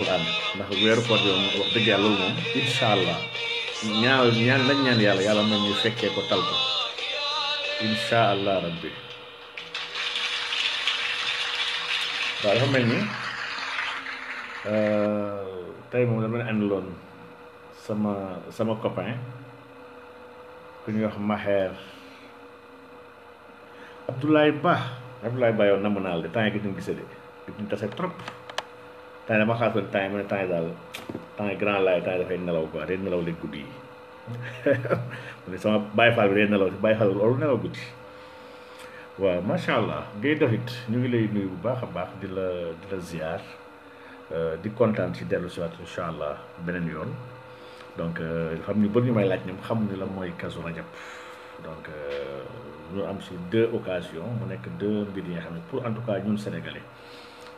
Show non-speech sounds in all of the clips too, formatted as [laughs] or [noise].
alquran ndax weeru koor yow wax dëgg yàlla loolu moom incha allah ñaal ñaan nañ ñaan yàlla yàlla may ñu fekkee ko tal ko incha rabbi waaw dafa mel ni tey moom dama andiloon sama sama copain ku ñuy wax maxeer abdoulaye ba abdoulaye ba yow namu naal de temps yi gis ñu gisee de ñu tase trop temps dama xaar seen temps mu ne temps daal temps grand laay temps dafay nelaw quoi day nelaw leen guddi yi mu ne sama Baye Fall bi day nelaw si Baye Fall loolu nelaw guddi waaw macha allah ngay doxit ñu ngi lay nuyu bu baax a baax di la di la ziar euh, di kontaan si dellu si waat incha allah beneen yoon donc euh, xam ñu bëri ñu may laaj ñoom xamuñu la mooy Kazu Rajab donc ñu euh, am si deux occasions mu nekk deux mbir yi nga xam ne pour en tout cas ñun sénégalais.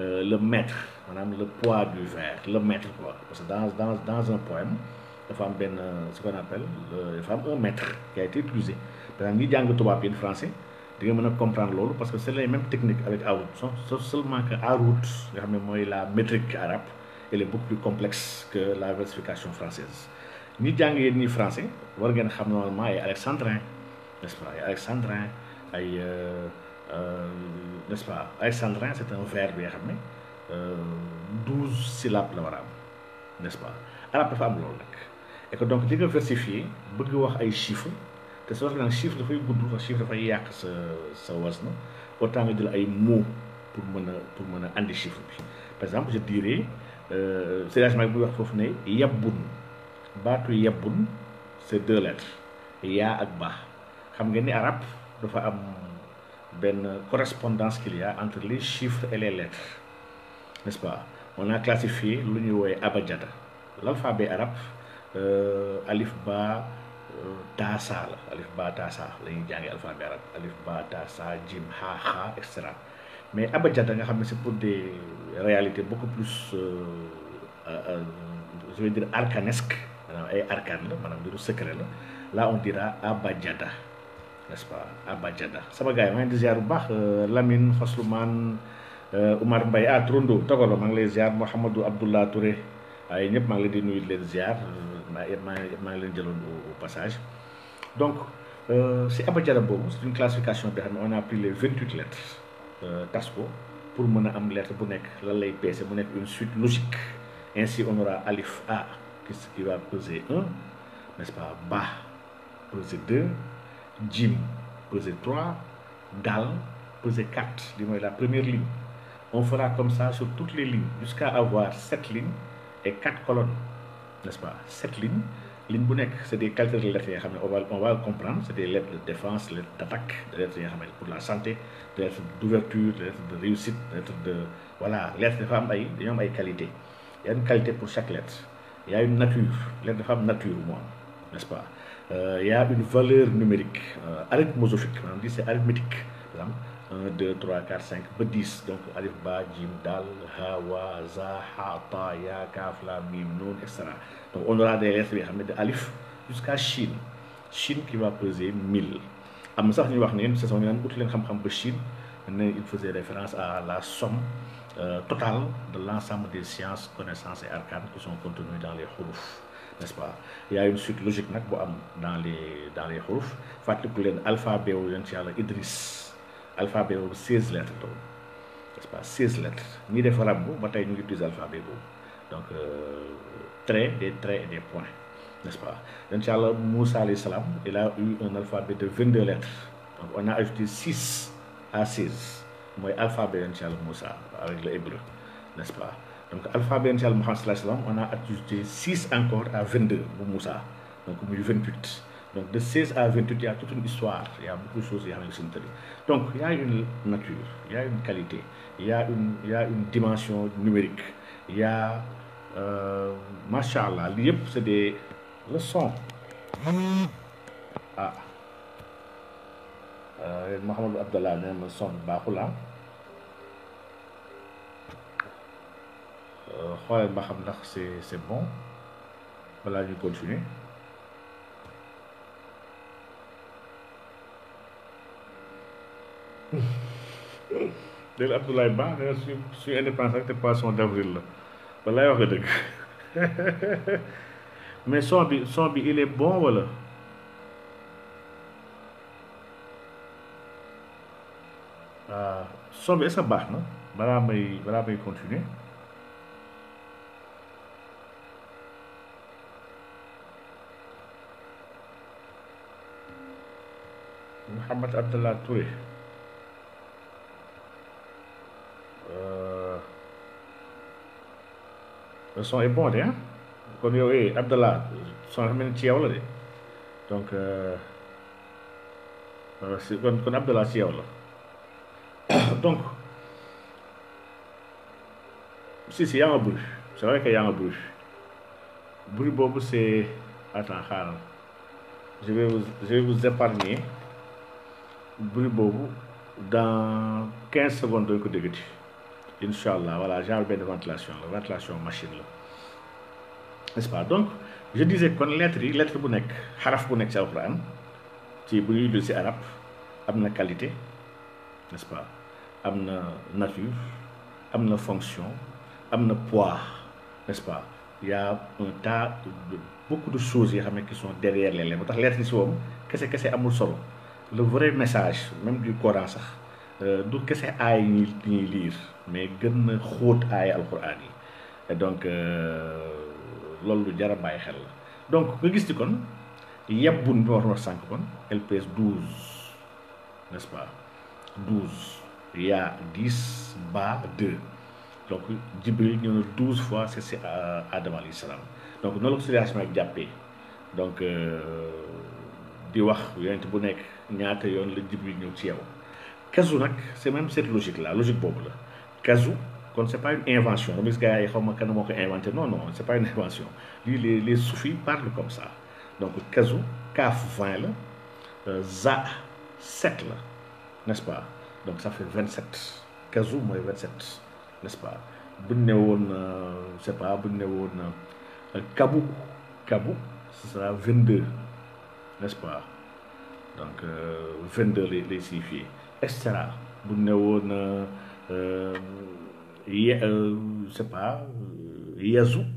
Euh, le maître a le poids du verre, le maître quoi parce que dans un poème la femme benn euh, ce qu'on appelle la euh, femme, un maître qui a été utilisé par exemple ñi jàng tubaab français di nga comprendre loolu parce que c'est les mêmes techniques avec Aout. sauf seulement que Aout, la métrique arabe elle est beaucoup plus complexe que la versification française ni Django ni français war ngeen comprendre normalement alexandrin n'est-ce pas alexandrin Euh, n'est-ce pas alexandrin c'est un vers bi nga xam ne euh, douze syllabes la war a am n'est-ce pas arab dafa am loolu nag et donc li nga versifié bëgg wax ay chiffres te soo waxee nag chiffre dafay gudd sax chiffre dafay yàq sa sa was na autant nga jël ay mots pour mën a pour mën a andi chiffre bi par exemple je dirais séddage mag bi wax foofu ne yabbun baatu yabbun c'est deux lettres yaa ak baa xam ngeen ni arab dafa am. une correspondance qu'il y a entre les chiffres et les lettres n'est-ce pas on a classifié l'union ñuy abjad. l'alphabet arabe alif ba tasa, alif ba tasa, arabe alif ba tasa, jim ha ha etc. mais abjad, c'est pour des réalités beaucoup plus euh, euh, euh, je veux dire arcanesques et arcanes, secret là on dira Abadjada. n'est-ce pas, à Badjada. Sama gars yi di ziar bu baax eh, Lamine Fasluman eh, Umar Mbaye ah Trondo Togolo maa ngi lay ziar Mouhamadou Abdullah Touré ay ah, ñep mang ngi di nuyu leen ziar ma ya, ma maa ngi leen jëloon au passage. Donc, euh, c'est Abajada bobu c'est une classification bi xam on a pris les 28 lettres euh, TASCO pour mëna am lettre bu nek la lay peese mu nek une suite logique ainsi on aura alif A qui va peser 1 n'est-ce pas Ba peser 2 Jim pesait 3, Dal pesait 4, la première ligne. On fera comme ça sur toutes les lignes, jusqu'à avoir 7 lignes et 4 colonnes, n'est-ce pas 7 lignes, ligne bu c'est des qualités de lettres on va on va comprendre c'est des lettres de défense lettres des lettres pour la santé des lettres d'ouverture, lettres de réussite des lettres de voilà lettres de femmes il y a une qualité il y a une qualité pour chaque lettre il y a une nature lettres de femmes nature moins, n'est-ce pas euh, il y a une valeur numérique euh, arithmosophique on dit c'est arithmétique par 1 2 3 4 5 10 donc alif ba jim dal Hawa, za ha ta ya Kaf, Mim, etc. donc on aura des lettres de alif jusqu'à Chine Chine qui va peser 1000 am ça, sax c'est ñu Chine il faisait référence à la somme euh, totale de l'ensemble des sciences connaissances et arcanes qui sont contenues dans les xuruf n'est-ce pas Il y a une suite logique nak bo am dans les dans les huruf. Fatlikou len alphabet wo yent yalla Alphabet 16 lettres N'est-ce pas 16 lettres. Ni def rab bo batay ñu utilise alphabet bo. Donc euh, des traits et des points. N'est-ce pas Moussa salam, il a eu un alphabet de 22 lettres. Donc on a ajouté 6 à 16. Moy alphabet yent Moussa avec le hébreu. N'est-ce pas donc, Alpha Ben Jal on a ajouté 6 encore à 22 pour Moussa. Donc, 28. Donc, de 16 à 28, il y a toute une histoire, il y a beaucoup de choses, il y a une Donc, il y a une nature, il y a une qualité, il y a une, il y a une dimension numérique, il y a, euh, l'IEP, c'est des leçons. Ah. Euh, Mohamed Abdallah, son Bahoula. Ah. c'est bon Voilà, je continue. Je [laughs] suis Ba Je suis poisson d'avril Voilà, [laughs] je mais il est bon voilà. Ah, son est bon. que continuer. Mohamed Abdallah Touré euh, le son est bon hein Comme kon yow Abdallah son dafa mel ni de donc euh, kon kon Abdallah ci yow la donc si si yaa nga bruit c'est vrai que yaa nga bruit bruit c'est attends xaaral je vais vous je vais vous épargner bruit dans 15 secondes ko ventilation la ventilation machine n'est-ce pas donc je disais kon lettres lettre bu haraf bu ci ci bu arab qualité n'est-ce pas nature fonction amna poids n'est-ce pas il y a un tas de beaucoup de choses qui sont derrière les lettres que les lettres solo le vrai message même du Coran sax euh, du kese aay ñi ñuy liir mais gën na xóot aay alquran yi donc euh, loolu lu jar bàyyi xel la donc nga gis ci kon yebbun bi war na sànq fois c'est si Adama alayhi salaam donc noonu la ko situation ak jàppee donc euh, di wax yonent bu nekk C'est la ci même cette logique là logique boobu kazu kon pas une invention non non c'est pas une invention les les soufis parlent comme ça donc kazu kaaf 20 la euh, za 7 la ce pas donc ça fait 27 kazu moins 27 nest ce pas bu c'est euh, pas euh, ce sera 22 nest ce pas donc euh, vendeur lay lay signifié extra bu ne euh, ye c'est pas euh, yezu euh, euh,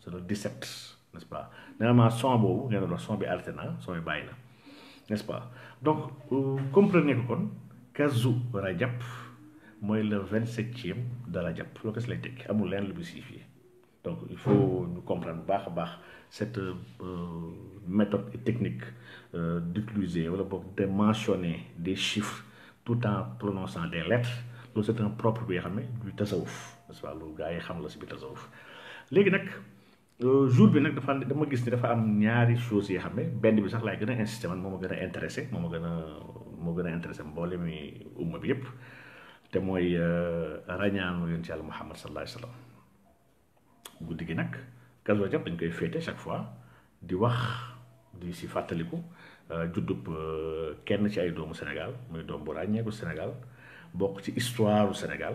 c'est le 17 n'est-ce pas normalement son boobu ngeen doon son bi alternant son bi bàyyi n'est-ce pas donc comprenez ko kon kazu rajab mooy le 27e de rajab loo ko si lay tekki amul leen le muy donc il faut ñu comprendre bu baax cette euh, méthode et technique euh, d'utiliser, de mentionner des chiffres tout en prononçant des lettres loolu c'est un propre bi du tasawuf n'est-ce pas le gars qui xam la si biir tasawuf léegi euh, jour bi nak dafa dama gis ni dafa am ñaari choses yi xam benn bi sax lay gëna insister insisté man moo ma intéressé moo ma gën a moo gën a intéressé mboole mi umma bi yépp té moy euh, rañaanu yoon ci yalla Muhammad sallallahu alayhi wasallam sallam nak gi nag Kazu dañ koy féete chaque fois di wax di si fàttaliku Euh, juddub euh, kenn ci ay doomu Sénégal muy doom bu ràññeeku Sénégal bokk ci histoire du Sénégal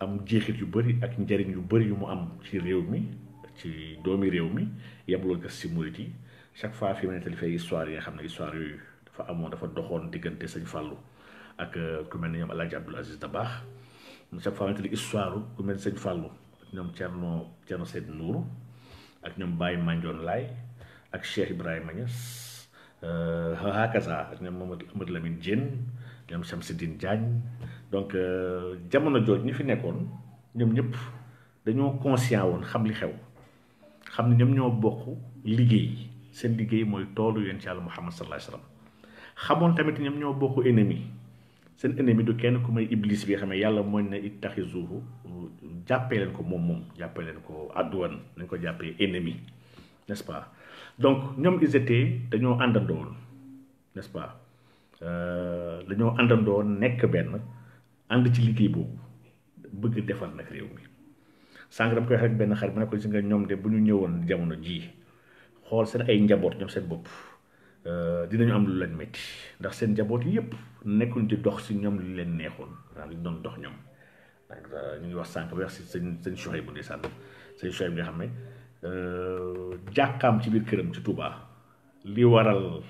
am jeexit yu bëri ak njariñ yu bëri yu mu am ci réew mi ci doomi réew mi yemloo gas si murit yi chaque fois fi ma nettali fay histoire yi xam ne histoire yooyu dafa amoon dafa doxoon diggante sëñ Fallou ak euh, ku mel ni ñoom El Hadj Abdoul Aziz Dabakh chaque fois ma nettali histoire ku mel ne sëñ Fallou ak ñoom Thierno Thierno Seydou Nourou ak ñoom Baye Mandione Laye ak Cheikh Ibrahima Niass. Euh, hakaza ñoom Mamadou Amadou lamin Diène ñoom Chamsidine Diagne donc euh, jamono jooj ñi fi nekkoon ñoom ñëpp dañoo conscient woon xam li xew xam ne ñoom ñoo bokk liggéey seen liggéey mooy toolu yonent Yàlla Muhammad sallallahu alayhi wa sallam xamoon tamit ñoom ñoo bokk ennemi seen ennemi du kenn ku may iblis bi xam ne yàlla mooy ne ittaxizuhu jàppee leen ko moom moom jàppee leen ko àdduwan nañ ko jàppee ennemi n'est-ce donc ñoom ils étaient dañoo àndandoo n'est-ce pas euh, dañoo àndandoo nekk benn ànd ci liggéey boobu bëgg defar nag réew mi sànq dama koy wax benn xarit ma ne ko gis nga ñoom de bu ñu ñëwoon jamono jii xool seen ay njaboot ñoom seen bopp euh, dinañu am lu leen métti ndax seen njaboot yëpp nekkuñ di dox si ñoom li leen neexoon maanaam li doon dox ñoom. ñu ngi wax sànq wax si sëñ sëñ Chouaïbou ndeysaan sëñ Chouaïbou nga xam ne Eh, jakam ci bir kërëm ci Touba li waral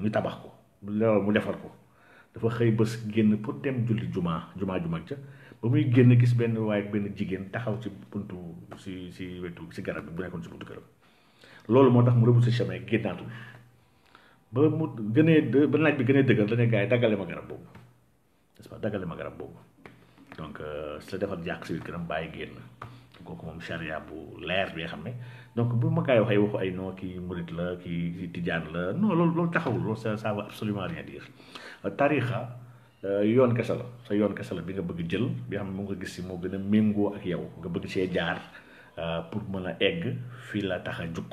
ñu eh, tabax ko lool mu défar ko dafa xey bëss genn pour dem julli juma juma ju mag ja ba muy genn gis ben way ben jigen taxaw ci buntu si si wetu si garab bu nekkon ci buntu kërëm lool motax mu rebu ci chemin génnaatul ba mu gënee ba laaj bi gëné dëgër dañé gaay e dagalé ma garab bobu n'est-ce pas dagalé ma garab bobu donc euh la défar jakk ci bir kërëm baye genn kooku moom charia bu leer bi nga xam ne donc bu ma kaay waxee waxu ay no kii murit la kii tijaan la non loolu loolu taxawul loolu ça ça veut absolument rien dire tarixa euh, yoon kese la sa yoon kese la bi nga bëgg jël bi nga xam ne moom nga gis si moo gën a ngoo ak yow nga bëgg see jaar euh, pour mën a egg fii la tax a jukk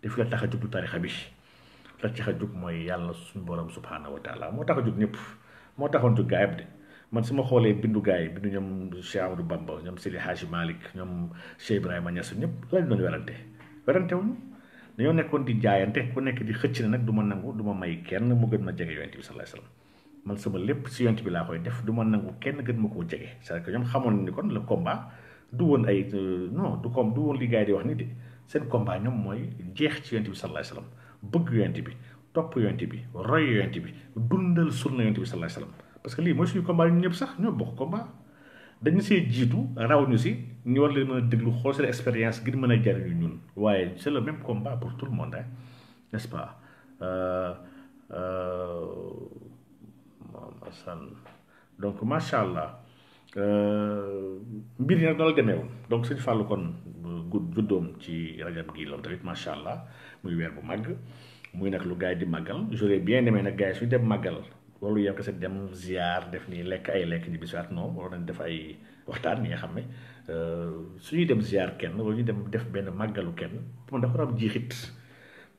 te fii la tax a jug du tarixa bi la tax a jug mooy yàlla suñu borom subhanahu wa moo tax a jug ñëpp moo taxoon jug gaayab de man su ma xoolee bindu gars yi bindu ñoom Cheikh Amadou Bamba ñoom Seydi Hadji Malick ñoom Cheikh Ibrahima Niass ñëpp lañ doon werante werante wuñu dañoo nekkoon di jaayante ku nekk di xëcc ne nag du ma nangu du ma may kenn mu gën ma jege yonent bi sallallahu alayhi wasallam sama lépp si yonent bi laa koy def du ma nangu kenn gën ma koo jege c'est-à-dire que ñoom xamoon ni kon la combat du woon ay euh, non du comme du woon li gars di wax ni de seen combat ñoom mooy jeex ci yonent bi sallallahu alayhi wasallam bëgg yonent bi topp yonent bi roy yonent bi dundal sunna yonent bi sallallahu alayhi wasallam parce que lii mooy suñu combat ñun ñëpp sax ñoo bokk combat dañu see jiitu raw ñu si ñu war leen mën a déglu xool seen expérience ngir mën a jariñu ñun waaye c' est le même combat pour tout le monde hein? n' est eh. ce pas euh, euh, donc macha allah mbir eh, yi nag noonu la demee woon donc sëñ Fallou kon guddoom ci rajab gi loolu tamit macha allah muy weer bu màgg muy nag lu gars yi di màggal j'aurais bien aimé nag gars yi suñu dem màggal lolou yam kese dem ziar def ni lek ay lek ni bisuat non waroon nañ def ay waxtan ni nga xam ne euh, dem ziar kenn wala ñu dem def ben magalu kenn mo dafa ram jixit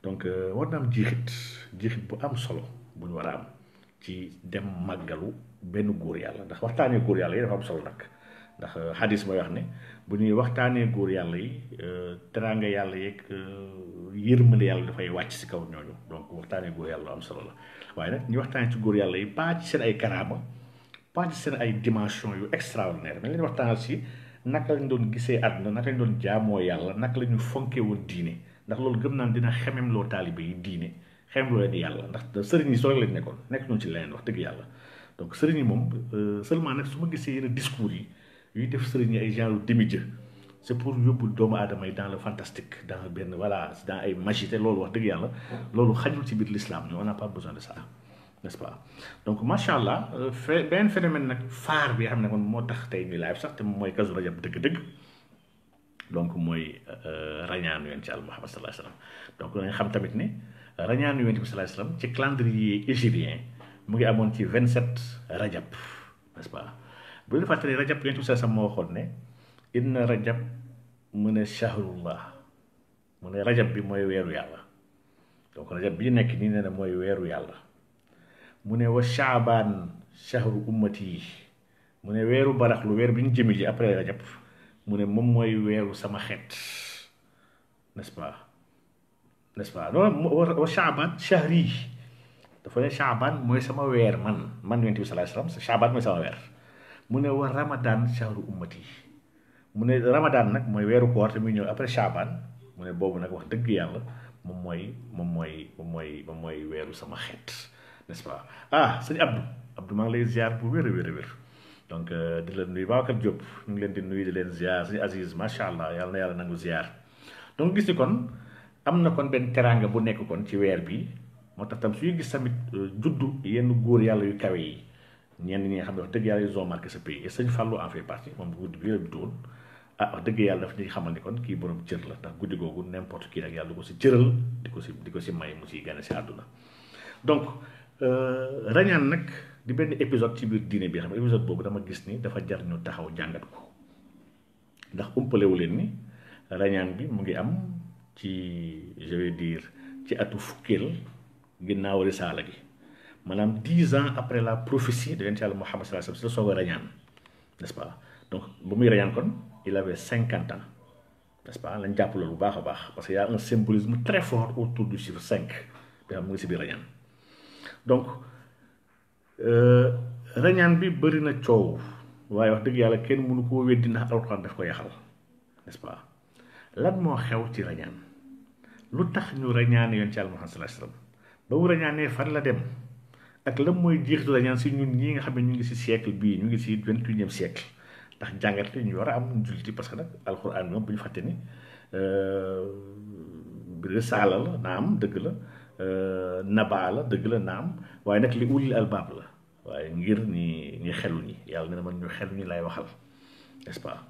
donc euh, war na am jixit jixit bu am solo bu ñu war am ci dem magalu ben goor yalla ndax waxtaanee goor yalla yi dafa am solo nak ndax hadis euh, mooy wax ne bu ñuy waxtaanee goor yalla yi teraanga yàlla yermale yalla da fay wacc ci kaw ñooñu donc waxtaanee goor yalla am solo la waaye nag ñu waxtaan ci góor yàlla yi pas ci seen ay karaama pas ci seen ay dimension yu extraordinaire mais leen waxtaan si naka lañ doon gisee àdduna naka lañ doon jaamoo yàlla naka la ñu fonkee woon diine ndax loolu gëm naa dina xemem loo taalibe yi diine xemem loo leen yàlla ndax sëriñ yi soo rek lañ nekkoon nekk ñoon ci leneen wax dëgg yàlla donc sëriñ yi moom euh, seulement nag su ma gisee yenn discours yi yuy def sëriñ yi ay genre demi-dieu c'est pour yobul doomu adama yi dans le fantastique dans ben voilà dans ay magie te loolu wax deug yàlla lolu xajul ci biir l'islam ñu on n'a pas besoin de ça n'est-ce pas donc machallah ben phénomène nak phare bi xamne ne kon moo tax tay ni live sax te moy kazu rajab deug deug donc moy rañan yonent ci àll Muhammad sallallahu alayhi wasallam donc ñu xam tamit ne rañan yonent bi sallallahu alayhi wasallam ci calendrier égyptien mu ngi amone ci 27 rajab n'est-ce pas bu ñu fatali rajab yonent bi sallallahu alayhi wasallam mo moo ne inna rajab mu shahrullah mu rajab bi moy weeru yalla donc rajab bi nek ni nee na mooy yalla yàlla wa sha'ban shahr ummati yi weru ne lu baraxlu biñu jëmi ji après rajab mu mom moy sama xet n'est-ce pas n'est-ce pas loolu wa sha'ban shahri dafa ne sha'ban moy sama wer man man nabi sallallahu alayhi wasallam sha'ban moy sama wer. mune wa ramadan shahru ummati mune ramadan nak moy wéru koor té muy ñëw après chaban mune bobu nak wax dëgg yalla moom moy moom moy moom moy moom moy wéru sama xet n'est ce pas ah seigne abdou abdou ma ngi lay ziar bu wéru wéru wéru donc euh, di la nuy Babacar job ñu leen di nuy di leen ziar seigne Aziz ma sha allah yalla na yàlla nangu ziar donc gis ni kon amna kon ben teranga bu nekk kon ci wér bi moo tax tam suñu gis tamit euh, juddu yenn goor yalla yu kawé yi ñenn ñi nga xam ne wax deug yalla yu zo marqué ce pays et seigne Fallou en fait partie mom goor bi la doon ah wax deug yalla daf ñuy xamal ni kon ki borom cër la tax guddi googu n'importe ki rek yalla ko ci cëral diko ci diko ci may mu ci gane ci aduna donc euh, rañan nak di ben épisode ci bir diine bi xam épisode bobu dama gis ni dafa jar ñu taxaw jangat ko ndax wu len ni rañan bi mu ngi am ci je vais dire ci atu fukel ginnaw risala gi manam 10 ans après la prophétie de yonent Muhammad sallallahu alayhi wasallam sallam si la n'est-ce pas donc bu muy rañan kon il avait 50 ans n'est-ce pas lañ japp lolu baxa bax parce qu'il y a un symbolisme très fort autour du chiffre 5 bi xam nga ci donc euh rañan bi bari na ciow waye wax deug yalla kenn mënu ko weddi na alcorane daf ko yaxal n'est-ce pas lan mo xew ci rañan lu tax ñu rañan yon ci al muhammad sallallahu alayhi wasallam ba wu rañané fan la dem ak lam moy jeexitu rañan ci ñun ñi nga xamé ñu ngi ci siècle bi ñu ngi ci 21e siècle ndax jàngat ñu war a am ci parce que nag alquran moom bu ñu fàtte ni eh, risaala la naam dëgg la eh, naba la dëgg la naam waaye nag li ulil albab la waaye ngir ñi ni xelu ñi yàlla ne man ñu xelu ñi lay waxal n' est ce pas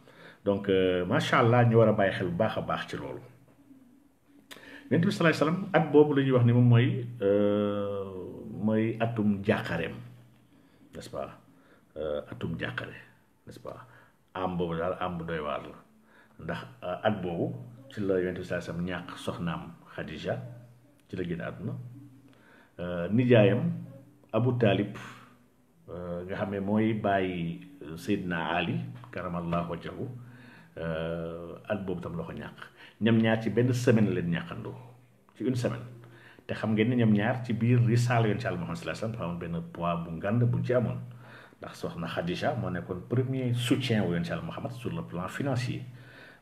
donc eh, macha allah ñu war a bàyyi xel bu baax a baax ci loolu yonent bi salaay at boobu la wax ni moom mooy mooy atum jàqareem n' est ce pas atum jàqare n' ce pas am boobu daal am bu doy waar la ndax euh, at boobu ci la yonent bi ñàkk soxnaam Khadija ci la génn àdduna euh, nijaayam Abu Taalib euh, nga xam ne mooy bàyyi Seydina Ali karamallahu wajhahu at boobu tam loxo ko ñàkk ñoom ñaar ci benn semaine leen ñàkkandoo ci une semaine te xam ngeen ni ñoom ñaar ci biir risaala yoon ci Muhammad sallallahu alayhi wasallam benn poids bu ngànd bu ci amoon ndax nah, soxna Khadija moo nekkoon premier soutien wu yonent Muhammad sur le plan financier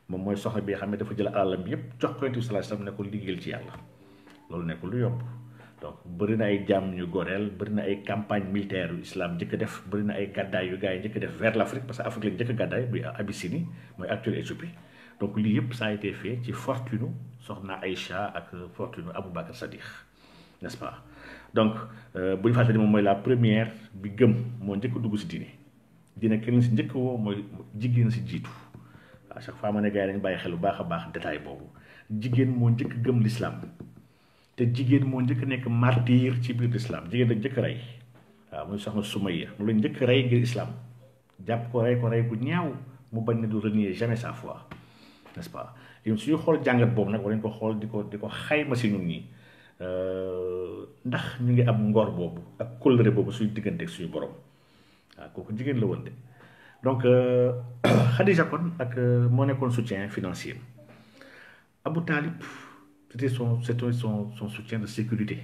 moom mooy soxna bi nga xam ne dafa jël alalam bi yëpp jox ko yonent bi sallallahu alayhi ci yàlla loolu nekkul lu yomb donc bëri na ay jam ñu goreel bëri na ay campagne militaire islam njëkk def bëri na ay gàddaay yu gars yi njëkk def vers l' Afrique parce que Afrique la njëkk gàddaay muy Abyssinie mooy actuelle Éthiopie donc lii yëpp ça a été fait ci fortune soxna Aïcha ak fortune Aboubacar Sadiq n'est-ce pas donc buñ fàtte ni moom mooy la première bi gëm mo ñëk dugg ci diiné diiné keneen ci ñëk wo moy jigéen ci jitu à chaque fois mané gaay gars yi dañ bàyyi xel bu baaxa baax détail bobu jigéen mo ñëk gëm l'islam té jigéen mo ñëk nek martyr ci biir l'islam jigéen da ñëk ray wa muy soxna sumayya mu la ñëk ray ngir islam japp ko ray ko ray ku ñaaw mu bañ né du renier jamais sa foi n'est-ce pas suñu xool jàngat boobu nag war nañ ko xool di ko di ko xayma si ñun nii Eh, ndax ñu ngi am ngor boobu ak kóllëre boobu suñu diggante ak suñu borom waaw ah, kooku jigéen la woon de donc euh, [coughs] Khadija kon ak euh, moo nekkoon soutien financier Abu Talib c'était son c'était son son soutien de sécurité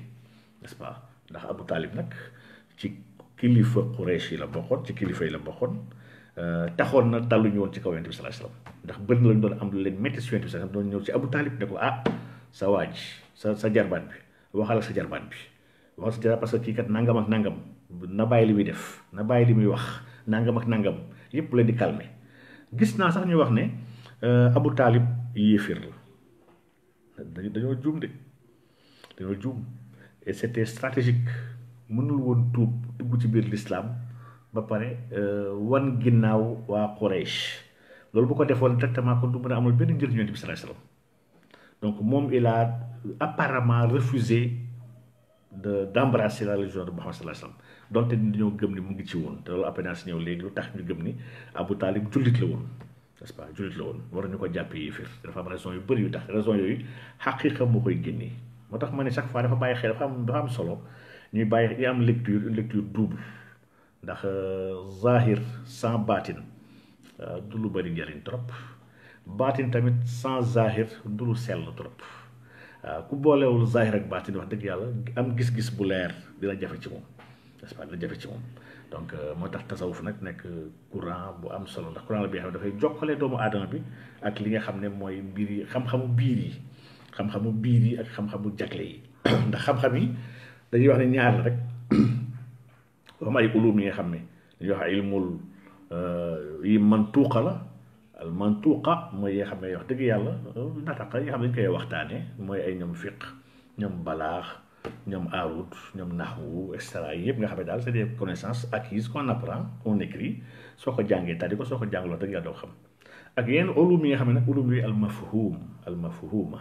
n'est-ce pas ndax Abu Talib nag ci kilifa quraish yi la bokkoon ci kilifa yi la bokkoon euh, taxoon na ñu woon ci kaw yonte bi salaa salaam ndax bëri na lañ doon am leen métti si yonte bi salaa doon ñëw ci Abu Talib ne ko ah sa waaj sa sa jarbaat bi waxal sa jarban bi waxal sa jarba parce que kat nangam ak nangam na bay li muy def na bay li muy wax nangam ak nangam yep leen di calmer gis na sax ñu wax ne euh, abu talib yefir la dañu dañoo juum de dañu joom et c'était stratégique mënul won tuub dugg ci bir l'islam ba pare euh, wan ginnaw wa quraish lolou bu ko defone directement ko du mën amul benn njëriñ yonent bi sallallahu alayhi wasallam Donc, il a apparemment refusé d'embrasser la religion de Mohammed Donc, nous avons dit que nous ci won té ñu ni Talib won nest pas won war ñu ko dafa yu yu tax raison haqiqa chaque fois dafa xel am solo ñuy lecture double euh, zahir sans batin euh, baatin tamit sans zahir du lu sell trop waaw ah, ku boolewul zahir ak baatin wax dëgg yàlla am gis-gis bu leer dina jafe ci moom nest dina jafe ci moom donc euh, moo tax tasawuf nag nekk courant bu am solo ndax courant la bi nga xam ne dafay jokkale doomu aadama bi ak li nga xam ne mooy mbir yi xam-xamu biir yi xam-xamu biir yi ak xam-xamu jagle yi [coughs] ndax xam-xam yi dañuy wax ne ñaar la rek dafa am ay ulum yi nga xam ne dañuy wax ilmul euh, yi man tuuqa al mantuqa mooy yi xam ne wax dëgg yàlla nataqa yi xam ne dañ koy waxtaane mooy ay ñoom fiq ñoom balaax ñoom arut ñoom naxwu et cetera yëpp nga xam ne daal c' est des connaissances acquises qu'on apprend écrit ko xam ak ulum yi nga ulum yooyu al mafhum al mafhuma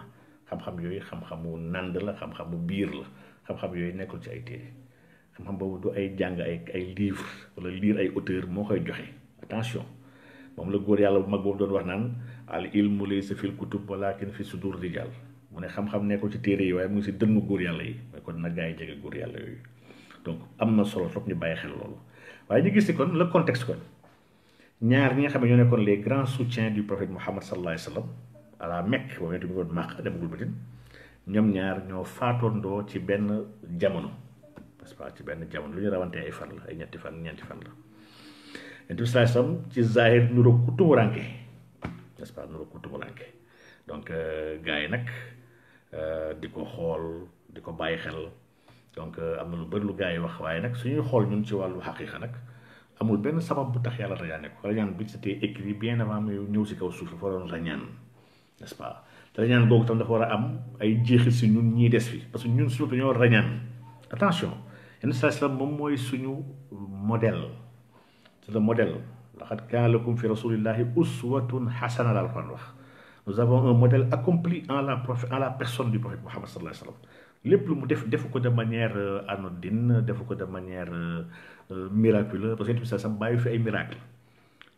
xam-xam yooyu xam-xamu nand la xam-xamu biir la xam-xam yooyu nekkul ci ay téere xam-xam boobu du ay jàng ay ay livre wala lire ay auteur koy joxe attention mom la goor yalla mag bobu doon wax nan al ilmu laysa fil kutub walakin fi sudur rijal mune xam xam neko ci téré yi way mu ci deñu goor yalla yi way kon na gaay jégué goor yalla yoy donc amna solo tok ñu baye xel loolu way ñu gis ci kon le contexte kon ñaar ñi xam ne ñoo les grands soutiens du prophète mohammed sallallahu alayhi wasallam ala à bo Mecque ko mak dem gul màq ñom ñaar ñoo faatondo ci ben jamono parce ce pas ci ben jamono lu ñu rawante ay fan la ay ñetti fan ñetti fan la yonent bi salaay ci zahir nuroog ku tumuranke n'est-ce pas nuroog ku tumuranke donc euh, gars yi nag euh, di ko xool di ko bàyyi xel donc euh, am na lu bëri lu gars yi wax waaye nag suñuy xool ñun ci wàllu xaqiqa nag amul benn sabab bu tax yàlla rañaane nekk rañaan bi c'était écrit bien avant muy ñëw si kaw suuf dafa waroon rañaan n'est-ce pas te rañaan googu tam dafa war a am ay jeexi si ñun ñii des fi parce que ñun suñu dañoo rañaan attention yonent bi salaay salaam moom mooy suñu mod to the model لقد كان لكم في رسول الله أسوة حسنة للقرآن الله. nous avons un modèle accompli en la en la personne du prophète Mohammed sallallahu alayhi wa sallam lépp lu mu def defu de manière euh, anodine defu ko de manière euh, euh, miraculeuse parce que ça bi fait alayhi wa sallam bàyyi fi ay miracle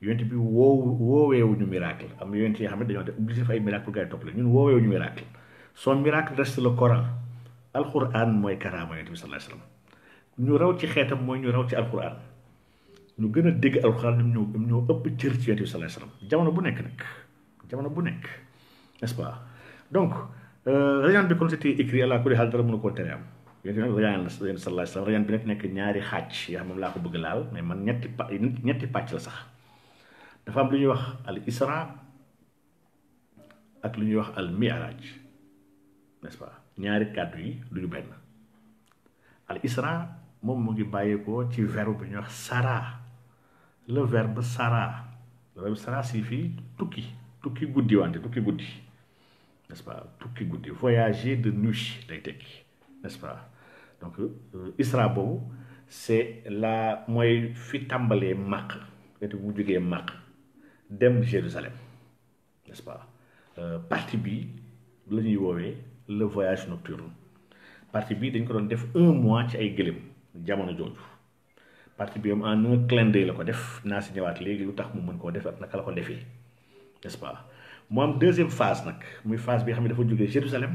yonent bi woow wooweewuñu miracle a un yonent de xam il y a un def de miracle pour gars yi topp la ñun wooweewuñu miracle son miracle reste le Coran alquran mooy karaama yonent bi sallallahu alayhi wa sallam ñu raw ci xeetam mooy ñu raw ci alquran ñu gën a dégg alxuraan lim ñoo ñoo ëpp cër ci yonent bi sallallahu alayhi wa sallam jamono bu nekk nag jamono bu nekk n'est-ce pas donc euh, rayaan bi kon la sallallahu alayhi wa sallam rayaan bi nag nekk ñaari xaaj yoo xam moom laa ko bëgg laal mais man ñetti pa ñetti pàcc la sax dafa am lu ñuy wax al isra ak lu ñuy wax al mi'raj n'est-ce ñaari kàddu yi lu ñu benn al isra moom mu ngi bàyyeekoo ci verbe bi ñuy wax sara le verbe sara le verbe sara signifie tuki, tuki goudi wante tukki goudi. n'est-ce pas Tuki goudi, voyager de nuit lay n'est-ce pas donc euh, isra c'est la moi fi tàmbalee màq gati bu jógee dem Jérusalem n'est-ce pas euh, partie bi le niveau le voyage nocturne partie bi dañ ko doon def un mois ci ay diamant de jooju Parti bi en un clin d'œil ko def na ci ñëwaat légui lutax mu mën ko def ak naka la ko defee n'est-ce pas mo am deuxième phase nak muy phase bi nga dafa jógee Jérusalem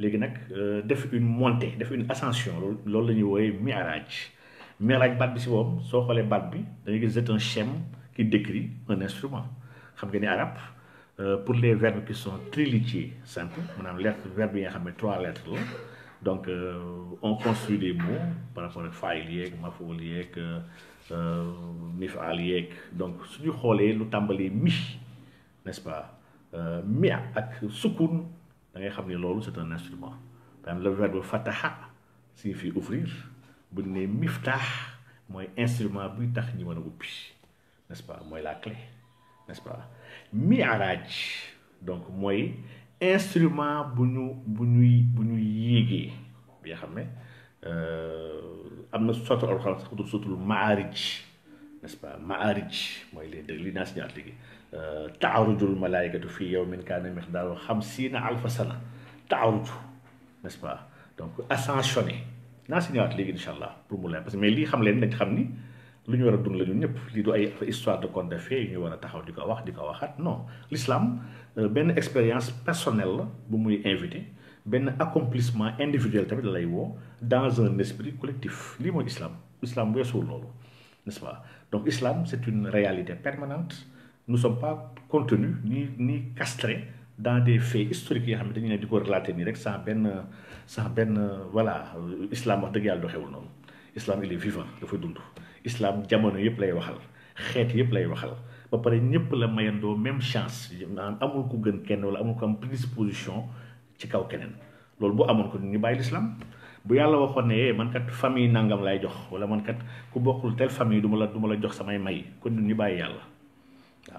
léegi nag euh, def une montée def une ascension loolu loolu woyé mi'raj wooyee mirage mirage baat bi si boobu soo xoolee bi dañuy gis c'est un schème qui décrit un instrument xam nga ni arabe euh, pour les verbes qui sont trilithiers simple maanaam lettre verbe yi nga xam trois lettres donc, euh, on construit des mots par rapport à failiek, mafoliek, Donc, si nous regardons, nous avons n'est-ce pas euh, avec soukoun, c'est un instrument. Par exemple, le verbe fataha signifie ouvrir. Vous avez miftah, un instrument qui tax n'est-ce pas C'est la clé n'est-ce pas mi donc moi » instrument bu ñu bu ñuy bu ñuy yéegee bi nga xam ne euh, am na sotti alxuraan sax du sotul maarij n'est-ce pas maarij mooy leen dëgg li naa si ñaat léegi taarujul malaayikatu fii yawmin kaana miqdaaru xamsiina alfa sana taaruju n'est-ce pas donc ascensionné naa si ñëwaat léegi incha allah pour mu leer parce que mais lii xam leen dañ xam ni lu ñu war a dund la ñun ñëpp lii du ay histoire de conte de fées ñu war a taxaw di ko wax di ko waxaat non l'islam euh, benn expérience personnelle la bu muy invité benn accomplissement individuel tamit lay woo dans un esprit collectif lii mooy islam islam weesuwul loolu n'est-ce pas donc islam c'est une réalité permanente nous ne sommes pas contenus ni ni castrés dans des faits historiques yoo xam ne dañu ne di ko relater nii rek sans benn sans benn voilà islam wax dëgg yàlla doxewul noonu islam il est vivant dafay dund islam jamono yep lay waxal xet yep lay waxal ba pare ñep la mayando même chance man amul ku gën kenn wala amul ku am prédisposition ci kaw kenen lool bu amun ko ñu bàyyi l'islam bu yalla waxone eh, man kat famille nangam lay jox wala man kat ku bokul tel famille duma la duma la jox samay may kon ñun ñu bàyyi yalla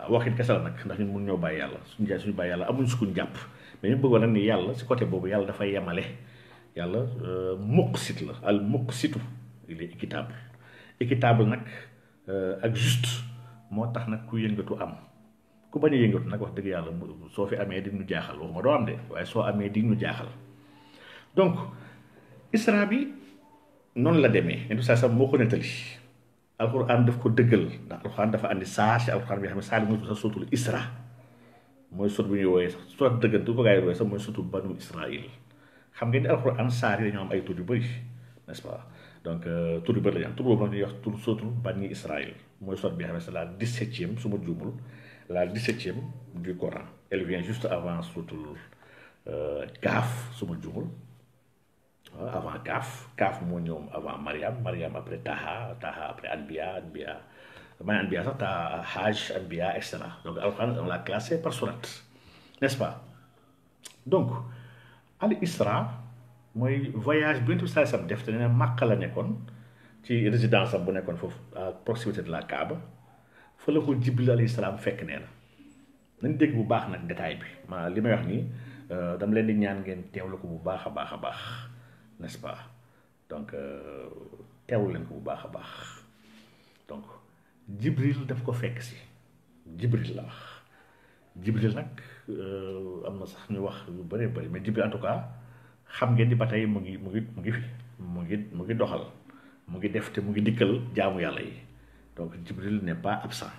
waxit kessal nak ndax ñun mun ñoo bayi yàlla suñu jaay suñu bàyyi yalla amuñ sukuñ jàpp mais ñu bëggoon nag ni yalla ci côté yalla da fay yamalé yalla euh, muqsit la al muqsitu ilay kitab. équitable nag euh, ak juste moo tax nag ku yëngatu am ku bañ a yëngatu nag wax dëgg yàlla soo fi amee di ñu jaaxal waxuma doo am de waaye soo amee di ñu jaaxal donc isra bi noonu la demee yenn saa sax moo ko ko dëggal ndax alquran dafa andi saar si alquran bi nga xam ne saar bi mooy sax suratul isra mooy sut bu ñuy wooyee sax surat dëggal du ko gaa yi xam ngeen ni alquran saar yi dañoo am ay tur yu bëri donc euh, tur yu la ñu am tur boobu ñuy wax tur sootul bani Israël moy sot bi xamé la 17e suma djumul la 17e du Coran elle vient juste avant sotu euh kaf suma djumul avant kaf kaf mo ñom avant maryam maryam après Taha Taha après Anbiya Anbiya maanaam Anbiya sax Taha Hajj Anbiya et cetera donc Alxuraan on l'a classé par sourate n'est-ce pas donc al Isra mooy voyage bi nga tudd Sassane def te ne Makka la nekkoon ci résidence bu nekkoon foofu à proximité de la Kaaba fa la ko Jibril alayhi salaam fekk nee na nañ dégg bu baax nag détail bi ma li may wax nii euh, dama leen di ñaan ngeen teewlu ko bu baax a baax a baax n'est-ce pas donc euh, teewlu leen ko bu baax a baax donc Jibril daf ko fekk si Jibril la wax Jibril nag euh, am na sax ñu wax yu bëree bëri mais Jibril en tout cas. xam ngeen di ba tey mu ngi mu ngi mu ngi mu ngi mu ngi doxal mu ngi def te mu ngi dikkal jaamu yàlla yi donc jibril n'est pas absent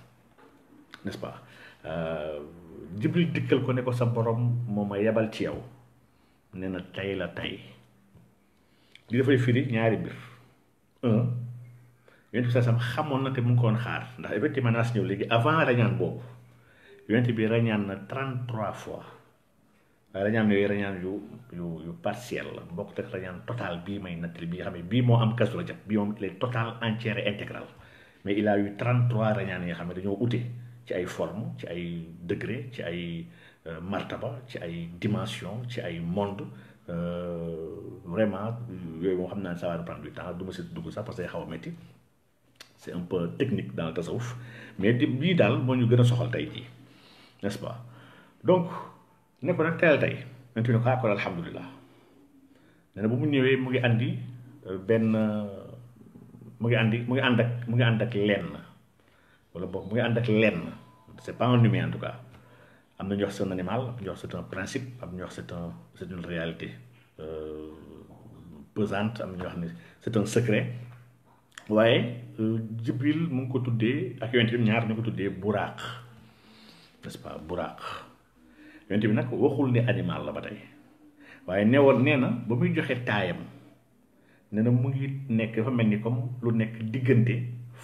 n'est-ce pas euh, jibril dikkal ko ne ko sa borom moo ma yebal ci yow ne na tey la tey li dafay firi ñaari mbir un yonent bi sam xamoon na te mu ngi ko xaar ndax effectivement naa si ñëw léegi avant rañaan boobu yonent bi rañaan na 33 fois waaye rañaan yooyu rañaan yu yu partiel la bokk teg rañaan total bii may nattali bi nga xam ne bii moo am Kazu Rajab bii moom il est total entière intégral mais il a eu 33 rañaan yi xam ne dañoo ute ci ay forme ci ay degré ci ay euh, martaba ci ay dimension ci ay monde euh, vraiment yooyu moom xam naa ne ça va prendre du temps du si dugg sax parce xaw a métti c'est un peu technique dans le tasawuf mais di lii daal moo ñu gën a soxal tey jii n'est-ce pas ne ko nag tel tay yonent bi ne ko ah alhamdullilah ne bu mu ñewé mu ngi andi ben eh, mu ngi andi mu ngi ànd ak mu ngi ànd ak wala bok mu ngi ànd ak lenn c'est pas un humain en tout cas am na ñu wax c'est un animal am ñu wax c'est un principe am ñu wax c'est un c'est une réalité eh, pesante am ñu wax ni c'est un secret waye eh, jibril mu ngi ko tuddé ak yentim ñaar ñu ko tuddé buraq n'est-ce pas buraq yonte bi nak waxul ni animal la batay waye waaye neena nee muy joxe tayam neena mu ngi nek fa melni comme lu nek digeunte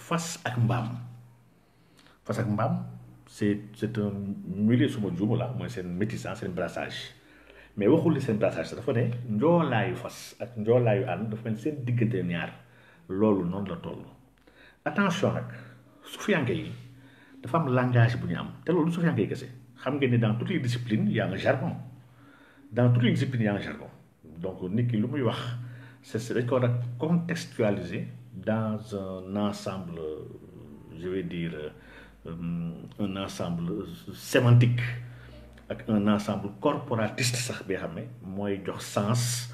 fas ak mbam fas ak mbam c'est c'est un milieu suma juumu la moy sen métissage sen brassage mais waxul li sen brassage dafa ne njoolaayu fas ak njoolaayu ànd dafa mel seen diggante ñaar lolou non la toll attention nak sufiyanke gay dafa am langage bu ñu am té lolou sufiyanke gay kessé xam dans toutes les disciplines il y a un jargon dans toutes les disciplines il y a un jargon donc ce qui lu muy wax c'est c'est dañ ko contextualiser dans un ensemble je vais dire euh, un ensemble sémantique un ensemble corporatiste sax bi mais moy jox sens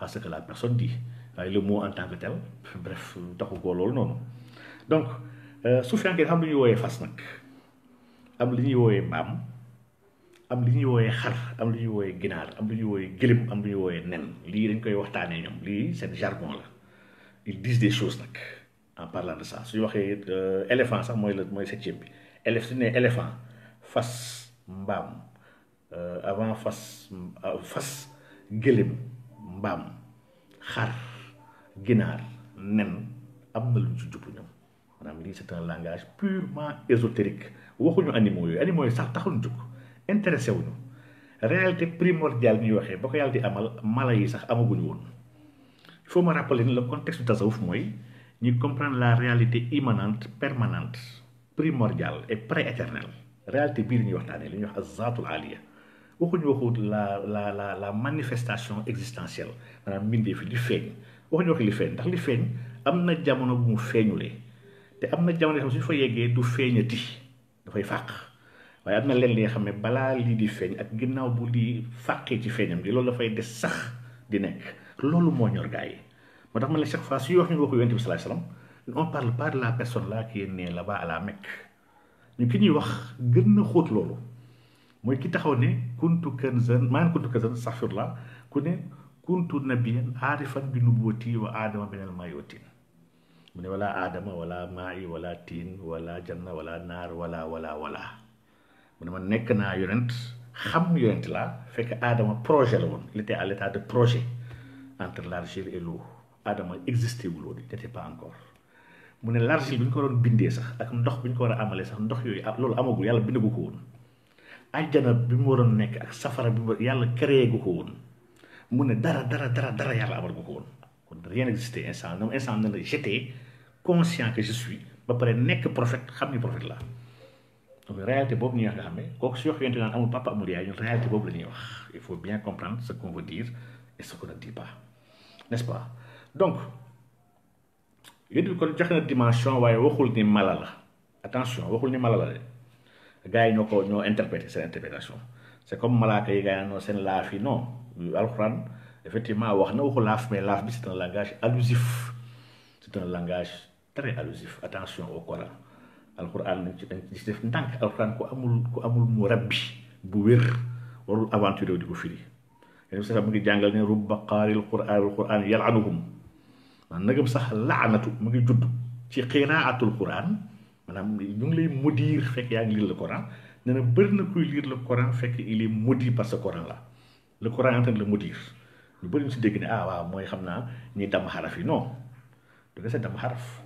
à ce que la personne dit le mot en tant que tel bref taxu pas loolu nom. donc euh, Soufiane, fekkee xam lu que wooyee fas nag am li ñuy woyé mam am li ñuy wooyee xar am lu ñuy wooyee ginaar am lu ñuy wooyee gëlëm am lu ñuy wooyee nen lii dañ koy waxtaanee ñoom lii seen jargon la ils disent des choses nag en parlant de ça suñu waxee euh, éléphant sax mooy la mooy septième bi élé suñu nee éléphant fas mbaam euh, avant fas euh, fas gëlëm mbaam xar ginaar nen am na luñ ci jublu ñoom maanaam lii c'est un langage purement ésotérique waxuñu animaux yooyu animaux yi sax taxul jug intéressé wuñu réalité primordiale bi ñuy waxee ba ko yàlla di amal mala yi sax amaguñu woon foo ma rappeler ni le contexte du tasawuf mooy ñuy comprendre la réalité immanente permanente primordiale et pré-éternelle réalité bii ñuy waxtaanee li ñuy wax ak azatul aliya waxuñu waxu la la la la manifestation existentielle maanaam mbindee fi li feeñ waxuñu wax li feeñ ndax li feeñ am na jamono bu mu feeñulee te am na jamono yoo xam su fa yeggee du feeñati dafay fàq. waye adna len leen li nga xam ne balaa di feñ ak ginnaw bu li faqé ci feñam feeñam lolou loolu fay des sax di nek lolou mo ñor gaay yi moo tax ma ne chaque fois su wax ñu waxu yonent bi sallallahu alayhi wasallam on parle pas de la personne là qui est ne la là-bas à la Mecque ñu ki ñuy wax gën na xóot lolou moy ki taxaw ne kuntu kanzan man kuntu kanzan safirla ku ne kuntu nabiyyan arifan bi nubuwati wa aadama beneen mayotin mu ne wala aadama wala maayi wala tiin wala janna wala naar wala wala wala mu ne ma nekk naa yonent xam yonent laa fekk Adama projet la woon il à l' de projet entre l' argile et l'eau Adama existé wu loolu il encore mu ne l' bi ñu ko doon ak ndox bi ñu ko war a amalee sax ndox yooyu ah, loolu amagul yàlla bi ne bindagu ko woon ajjana bi mu waroon nekk ak safara bi mu yàlla créer gu ko woon mu ne dara dara dara dara yàlla amal gu ko woon kon rien n'existait instant dama instant na la j'étais conscient que je suis ba pare nekk prophète xam ni prophète laa réalité c'est ñuy wax nga xam ne kooku su wax yonte naan amul papa amul yaay ñun réalité boobu la ñuy wax il faut bien comprendre ce qu'on veut dire et ce qu'on ne dit pas n'est-ce pas donc yonte bi kon joxe na dimension waaye waxul ni mala la attention waxul ni mala la de gars yi ñoo ko ñoo seen interprétation c'est comme malaaka yi gars yi noo seen laaf yi non alxuraan effectivement wax na waxu laaf mais laaf bi c'est un langage allusif c'est un langage très allusif attention au Coran alquran nañ ci dañ ci def ndànk alquran ku amul ku amul mu bu wér warul aventure wu di ko firi yéen sax mu ngi jàngal ne rubba qaaril quran alquran yalanuhum man nagam sax laanatu mu ngi judd ci qiraatul quran maanaam ñu ngi lay maudire fekk yaa ngi lire le coran nee na bëri na kuy lire le coran fekk il est maudit par ce coran là le coran est en train de le maudire ñu si dégg ne ah waaw mooy xam naa ñuy damm xaraf yi non du dese damm xaraf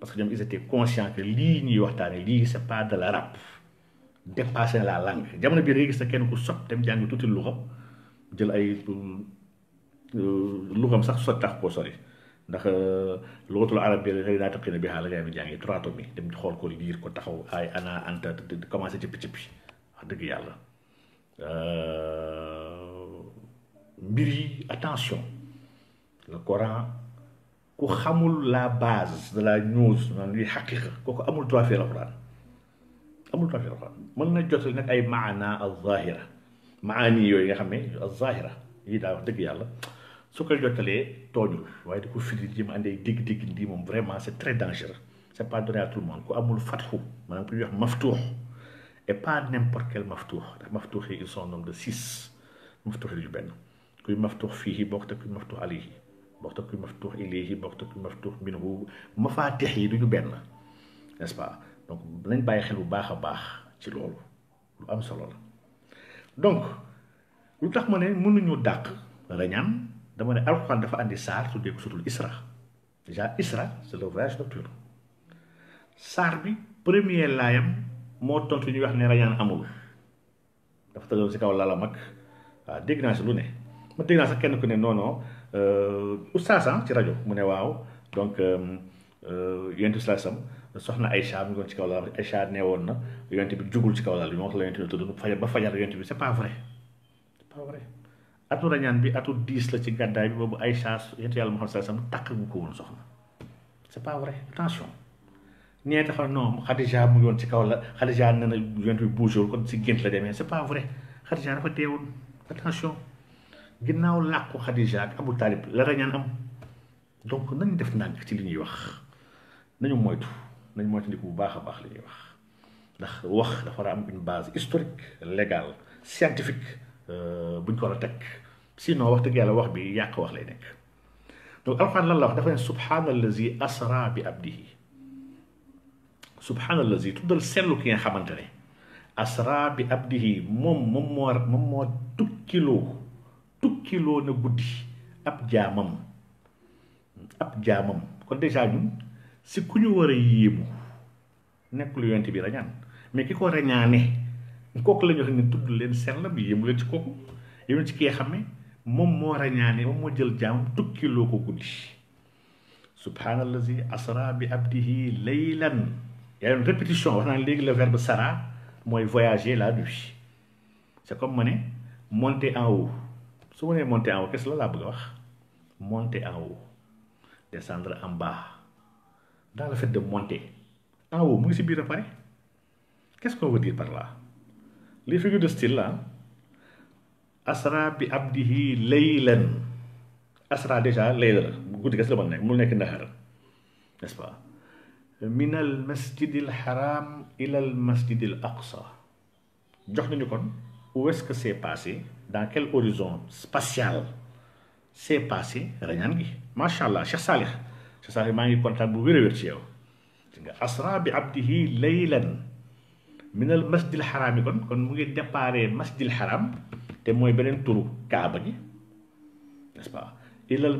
parce que ils étaient conscients que lii ñuy waxtaane lii c'est pas de l'arabe dépasser la langue jamono bi da ngay gis ne kenn ku sob dem jàng tuuti luxam jël ay euh, euh, luxam sax so tax ko sori ndax euh, luxatul arab bi rek daa taqi na bi xaala ngay bi jàngi trois tomes dem xol ko liir ko taxaw ay ana anta commencer ci petit bi wax dëgg yàlla mbir yi attention le Coran ku xamul la base de la news naan luy xaqiqa kooku amul tawfiir alquran amul tawfiir alquran mën na jotal nag ay maana al zahira maani yooyu nga xam ne al zahira yii daa wax dëgg yàlla su ko jotalee tooñul waaye di ko firi ji ma andee dégg-dégg ndi moom vraiment c' est très dangereux c' est pas donné à tout le monde ku amul fatxu maanaam ku ñuy wax maftuux et pas n' importe quel maftuux ndax maftuux yi ils sont nombre de six maftuux yi du benn kuy maftuux fii bokk te kuy maftuux alayhi waxtaqi maftuux ilayhi waxtaqi maftuux minhu mafaatix yi du ñu benn n'est-ce pas donc nañ bàyyi xel bu baax a baax ci loolu lu am solo la donc lu tax ma ne mënuñu dàq rañaan dama ne alxuraan dafa àndi saar tuddee ko sutul isra déjà isra c'est le voyage nocturne saar bi premier laayam moo tontu ñuy wax ne rañaan amul dafa tëjoo si kaw lala mag waa dégg naa si lu ne ma dégg naa sax kenn ku ne noonoo Euh, oustaz ah, ci rajo mu ne waaw donc euh, euh, yonent bi salaam soxna Aïcha mu ngi woon ci kaw laal Aïcha nee woon na yonent bi jugul ci kaw laal bi tax la yonent bi ba fajar yonent bi c'est bi atu diis ci gàddaay bi boobu Aïcha yonent yàlla Muhammad salaam ko woon soxna c'est pas vrai attention ñee mu ngi ci kaw la Xadija nee na yonent bi bonjour kon si gént la demee c'est pas vrai Xadija dafa deewoon attention ginnaaw làqu Khadija ak Abu Talib la rañaan am donc nañ def ndànk ci li ñuy wax nañu moytu nañ moytandiku bu baax a baax li ñuy wax ndax wax dafa war am une base historique légale scientifique bu ñu ko war a teg sinon wax dëgg yàlla wax bi yàq wax lay nekk donc alquran lan la wax dafa ne subhaanallazi asra bi abdihi subhaanallazi tuddal seetlu ki nga xamante ne asra bi abdihi moom moom moo moom moo tukkiloo tukkiloo na guddi ab jaamam ab jaamam kon déjà ñun si ku ñu war a yéemu nekk lu yonent bi rañaan mais ki ko rañaane kooku la ñu ne tudd leen sell bi yéemu leen ci kooku yéemu ci kee xam ne moom moo rañaane moom moo jël jaamam tukkiloo ko guddi subhaanallazi asra bi abdihi laylan yaa une répétition wax naa léegi le verbe sara mooy voyager la nuit c'est comme ma ne monter en haut su ma nee monter en haut qu'est-ce que la laa bëgg a wax monter en descendre en bas dans le fait de monter mu ngi si biir a pare qu'est-ce qu'on veut dire par là les figures style là asra bi abdihi laylan asra déjà layla la guddi gas la mën nekk mu nekk naxar n'est-ce pas min al masjid al masjid al jox nañu kon où est-ce que c'est passé, dans quel horizon spatial c'est passé rañaan gi macha Cheikh Salih Cheikh Salih maa ngi kontaan bu wér a wér ci yow nga asra bi abdihi laylan min al masjidil xaraam yi kon kon mu ngi déparé masjidil xaraam te mooy beneen turu kaaba gi n'est-ce pas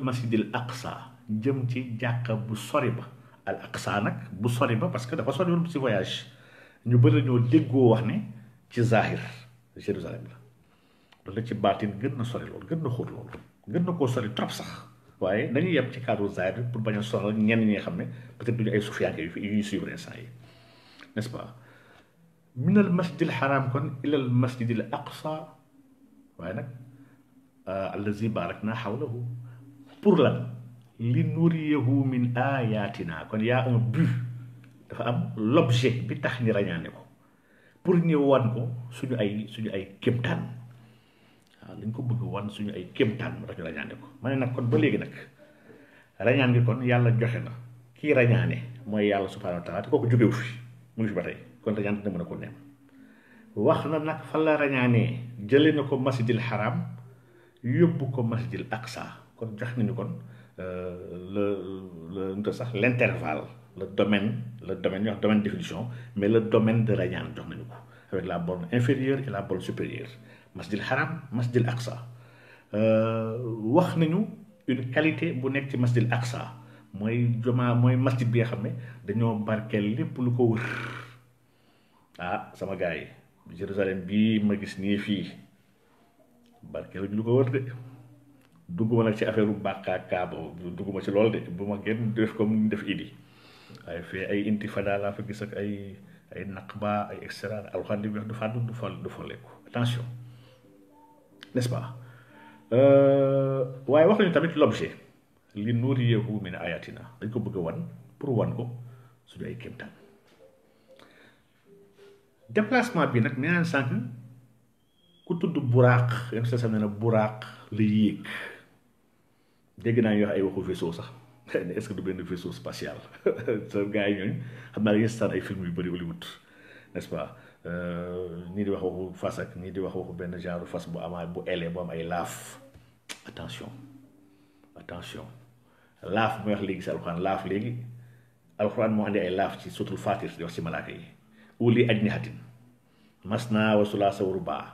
masjid al aqsa jëm ci jàkka bu sori ba al aqsa nag bu sori ba parce que dafa sori woon si voyage ñu bëri ñoo déggoo wax ne ci zahir Jérusalem la loolu la ci baatin gën na sori loolu gën na xóot loolu gën na koo sori trop sax waaye dañuy yem ci cadre zaire pour bañ a soxla ñenn ñi nga xam ne peut-être duñu ay sufiyanke yu ñuy suivre instant yi n'est-ce pas min al masjid al haram kon ila al masjid al aqsa waaye nag allazi barakna hawlahu pour lan li nuriyahu min ayatina kon y a un but dafa am l'objet bi tax ñi ràññaane ko pour ñu wan ko suñu ay suñu ay kemtan waaw dañ ko bëgg wan suñu ay kemtan rek la ñaané ko mané nak kon ba légui nak rañaan gi kon yalla joxé na ki rañaane moy yalla subhanahu wa taala te kooku jógewu fi mu ngi fi ba kon rañaan ñaan mën ko neem wax na nak fa la rañaanee jëlé na ko masjidil haram yobbu ko masjidil aqsa kon jox nañu kon le le sax l'intervalle le domaine le domaine ñu domaine définition mais le domaine de ràññaan avec la borne inférieure et la borne supérieure masjidil haram al aqsa euh, wax nañu une qualité bu nekk ci al aqsa mooy joma mooy masjid bi nga xam ne dañoo lépp lu ko wër ah sama gars yi Jérusalem bi ma gis ni fi barkeel lu ko wër de dugguma nag ci affaire u bàkkaa kaaba dugguma ci lool de bu ma def comme def idi waaye fi ay intifada laa fa gis ak ay naq ba ay et cetera alxuraan li wax du fàddu du fol du foleeku attention n'est-ce euh, waaye wax tamit l'objet li nuriyahu min ayatina dañ ko bëgg a wan pour wan ko suñu ay kéemtaan déplacement bi nag nee naan sànq ku tudd buraaq yenn sa sam ne na buraaq la yéeg dégg naa ñuy wax ay waxu vaisseau sax [laughs] est ce que vaisseau spatial ce [laughs] gars ñu xam ay film yu Hollywood nest ce pas euh, di wax waxu face ak ni di wax waxu ben genre face bu ama bu attention attention laf mooy wax léegi si laf laaf léegi alxuraan andi ay ci fatir di ci malaka yi uli ajnihatin masna wa sulaasa wa rubaa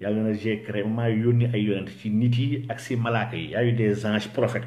ya na j'ai créé ay yonent ci nit ak ci malaka yi des anges prophètes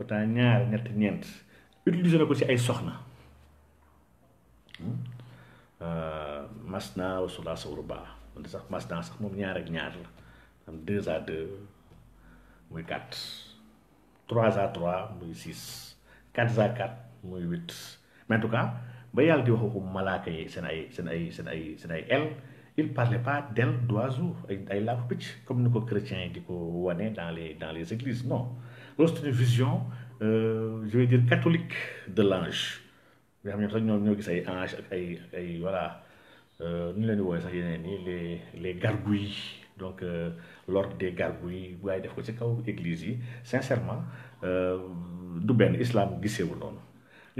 pourtant ñaar ñett ñeent utilisé na ko ci ay soxna hmm? euh, mas naa wasula sawru baa wante sax mas sax moom ñaar ak ñaar la à deux muy quatre trois à trois muy six quatre à quatre muy huit mais en tout cas ba yàlla di wax waxu yi seen ay seen ay seen ay seen ay el il parlait pas d'ailes d'oiseau ay ay laafu picc comme ni ko chrétiens yi di ko wane dans les dans les églises non c'est une vision euh, je vais dire catholique de l'ange Nous avons ne ange voilà euh, les gargouilles donc euh, l'ordre des gargouilles l'église, def ko sincèrement du benn islam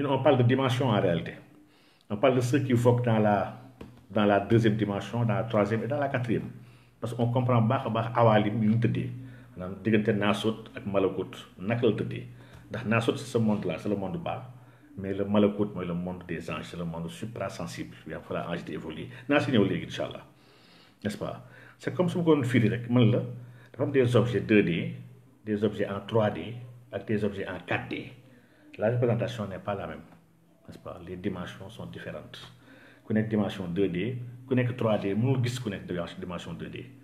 on parle de dimension en réalité on parle de ce qui évoque dans la dans la deuxième dimension dans la troisième et dans la quatrième parce qu'on comprend pas a baax awaalim ñu maanaam diggante naasut ak et naka la ndax naasut c'est ce monde là c'est le monde bas mais le malakut le monde des anges c'est le monde suprasensible Il faut que l'âge ange évoluer naa si ñëw n'est-ce pas c'est comme ce ma ko doon firi rek man des objets 2D des objets en 3D et des objets en 4D la représentation n'est pas la même n'est-ce pas les dimensions sont différentes ku une dimension 2D ku nekk 3D mënul gis ku nekk dimension 2D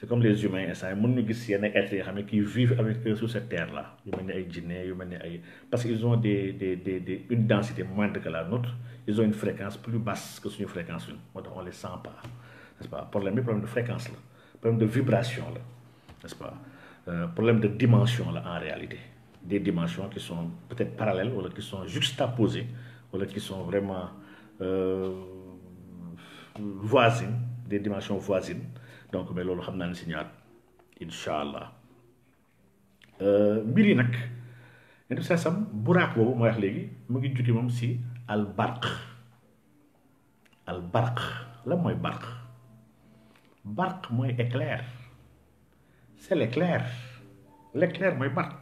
c'est comme les humains ça yi mën êtres qui vivent avec eux sur cette terre là parce qu'ils ont des des des une densité moindre que la nôtre ils ont une fréquence plus basse que une fréquence on ne on les sent pas n'est-ce pas problème problème de fréquence là problème de vibration là n'est-ce pas euh, problème de dimension là en réalité des dimensions qui sont peut-être parallèles ou qui sont juxtaposées ou qui sont vraiment euh, voisines des dimensions voisines donc mais loolu xam naa ne si ñaar incha allah euh, mbir yi nag yenn saa sam buraak boobu mooy wax léegi mu ngi juti moom si al barq al barq la mooy barq barq mooy éclair c'est l'éclair l'éclair mooy barq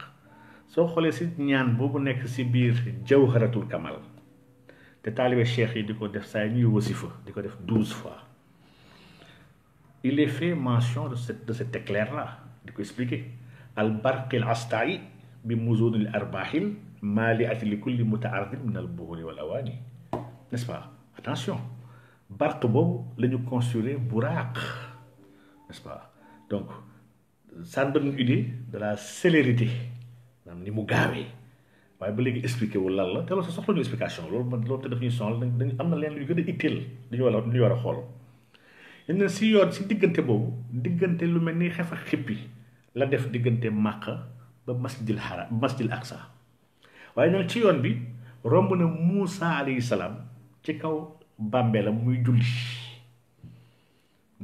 soo xoolee si ñaan boobu nekk si biir jawharatul kamal te taalibe cheikh yi di ko def saa yi ñuy wasifa di ko def douze fois il est fait mention de, cette, de cet éclair-là. Il faut expliquer. al bark al-Asta'i bimuzun al-Arbahil mali'at likulli muta'ardin min al-Buhuri wal-Awani. N'est-ce pas Attention. Barq le nous construire burak. N'est-ce pas Donc, ça donne une idée de la célérité. Ni mu gaawee. il ba expliquer expliqué wu lan la te explication loolu man loolu Il y a sonal dañ am na il lu a itteel dañu dañ ne si yoon si diggante boobu diggante lu mel ni xef ak xippi la def diggante màq ba masjidil xara masjidil aqsa waaye nag ci yoon bi romb na Muusa alayhi salaam ci kaw bàmbeelam muy julli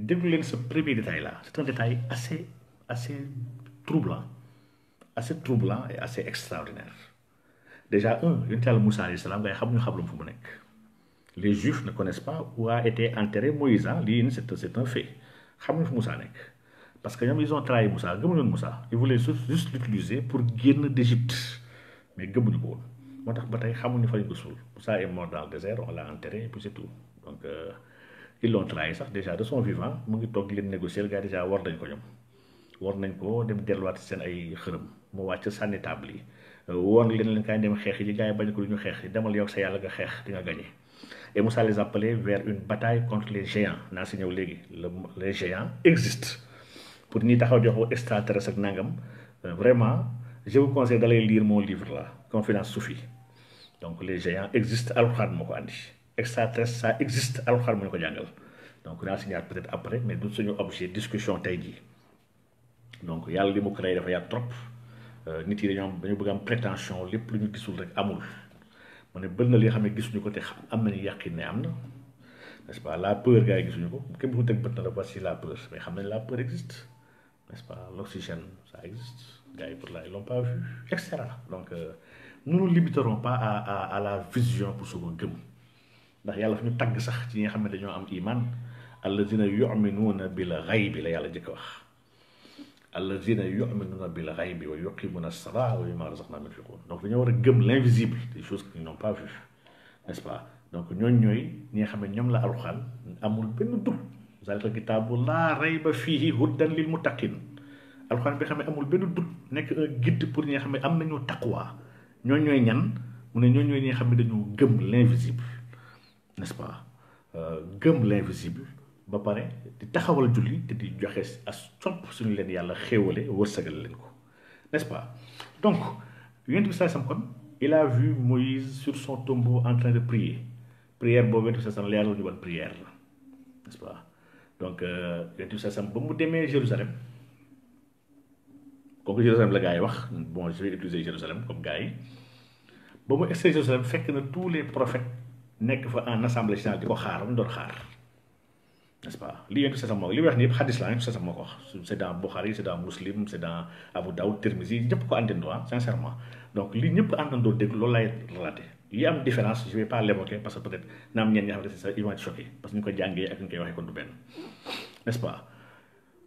déglu leen sa premier détail là c'est un détail assez assez troublant assez troublant et assez extraordinaire déjà un yonent Yàlla Muusa alayhi salaam ngay xam ñu xam lu mu fu mu nekk les juifs ne connaissent pas où a été enterré Moïse hein. c'est un fait xamuñu fu Moussa parce que ils ont trahi Moussa gëmuñu Moussa ils voulaient juste l'utiliser pour guérir d'Égypte mais ils ne woon pas, ils ne tey pas ñu ko Moussa est mort dans le désert on l'a enterré et puis c'est tout donc euh, ils l'ont trahi ça. déjà de son vivant ils ngi toog leen négocier le gars déjà war nañ ko ñoom war nañ ko dem delluwaat seen ay xërëm ont wàcc sànni table woon leen leen kaay dem xeex yi gars yi bañ ko du ñu xeex demal yow sa yàlla nga xeex di nga gagné et Moussa les appelait vers une bataille contre les géants naa si ñëw léegi les géants existent pour ñi taxaw jox ko ak nangam euh, vraiment je vous conseille d'aller lire mon livre là confidence soufi donc les géants existent alxuraan moo ko andi extraterrestre ça existe alxuraan moo ñu ko jàngal donc naa si ñaar peut-être après mais du suñu objet discussion tey jii donc yàlla li mu créé dafa yaatu trop. Euh, nit yi dañoo am dañoo bëgg am prétention lépp lu ñu gisul rek amul ma ne bëri na li nga xam ne gisuñu ko te am nañu yàqin ne am na n'est-ce pas la peur gars yi gisuñu ko képp ku teg bët na la voici la peur mais xam nañ la peur existe n'est-ce pas l'oxygène ça existe gars yi pour la ils l'ont pas vu et cetera donc euh, nous ne limiterons pas à à à la vision pour soo ko gëm ndax yàlla fi ñu tagg sax ci ñi nga xam ne dañoo am iman allazina yuminuuna bil ghaybi la yàlla jëkk wax الذين يؤمنون بالغيب ويقيمون الصلاة ويما رزقنا من الفقور دونك دانيو رغم لانفيزيبل دي شوز كي نون با فيف نيس با دونك نيون نيوي ني خامي نيوم لا الخال امول بن دوب زالك كتاب لا ريب فيه هدى للمتقين الخال بي خامي امول بن دوب نيك ان غيد بور ني خامي ام نانيو تقوى نيون نيوي نيان مون نيون نيوي ني خامي دانيو غم لانفيزيبل نيس با غم لانفيزيبل ba pare di taxawal julli te di joxe as sopp suñu leen yàlla xéewale wërsëgal leen ko n'est-ce pas donc yonent bi saai sam kon il a vu Moïse sur son tombeau en train de prier prière boobu yonent bi saai sam la yàlla ñu ban prière la n'est-ce pas donc euh, yonent bi saai sam ba mu demee Jérusalem kooku Jérusalem la gars yi wax bon je vais utiliser Jérusalem comme gars yi ba mu egsee Jérusalem fekk na tous les prophètes nekk fa en assemblée générale di ko xaar mu doon xaar n'est-ce pas li yonent sasam moo li wax ni yëpp xadis la yonent sasam moo ko wax c'est dans Bukhari c'est dans Muslim c'est dans Abu Daoud Tirmizi ñëpp ko àndandoo ah, sincèrement donc li ñëpp am que peut na am ñenn ñi nga xamante ne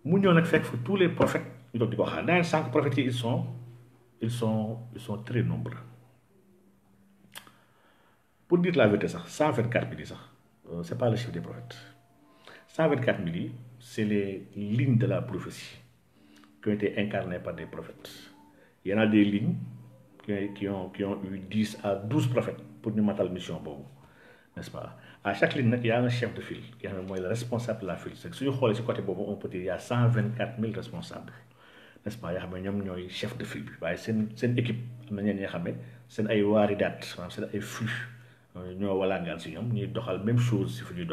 mu ñëw nag fekk fa tous les prophètes ñu toog di ko xaar daañu sànq prophètes yi ils sont sax 124 bi nii sax euh, c'est pas le chiffre des prophètes 124 000 c'est les lignes de la prophétie qui ont été incarnées par des prophètes. Il y en a des lignes qui, ont, eu 10 à 12 prophètes pour une mentale mission, n'est-ce pas À chaque ligne, il y a un chef de file, qui est le responsable de la file. C'est si on regarde ce côté, on peut dire qu'il y a 124 000 responsables, n'est-ce pas Il y a un chef de file. C'est une équipe, c'est un waridat, c'est un flux. Nous avons la même chose si nous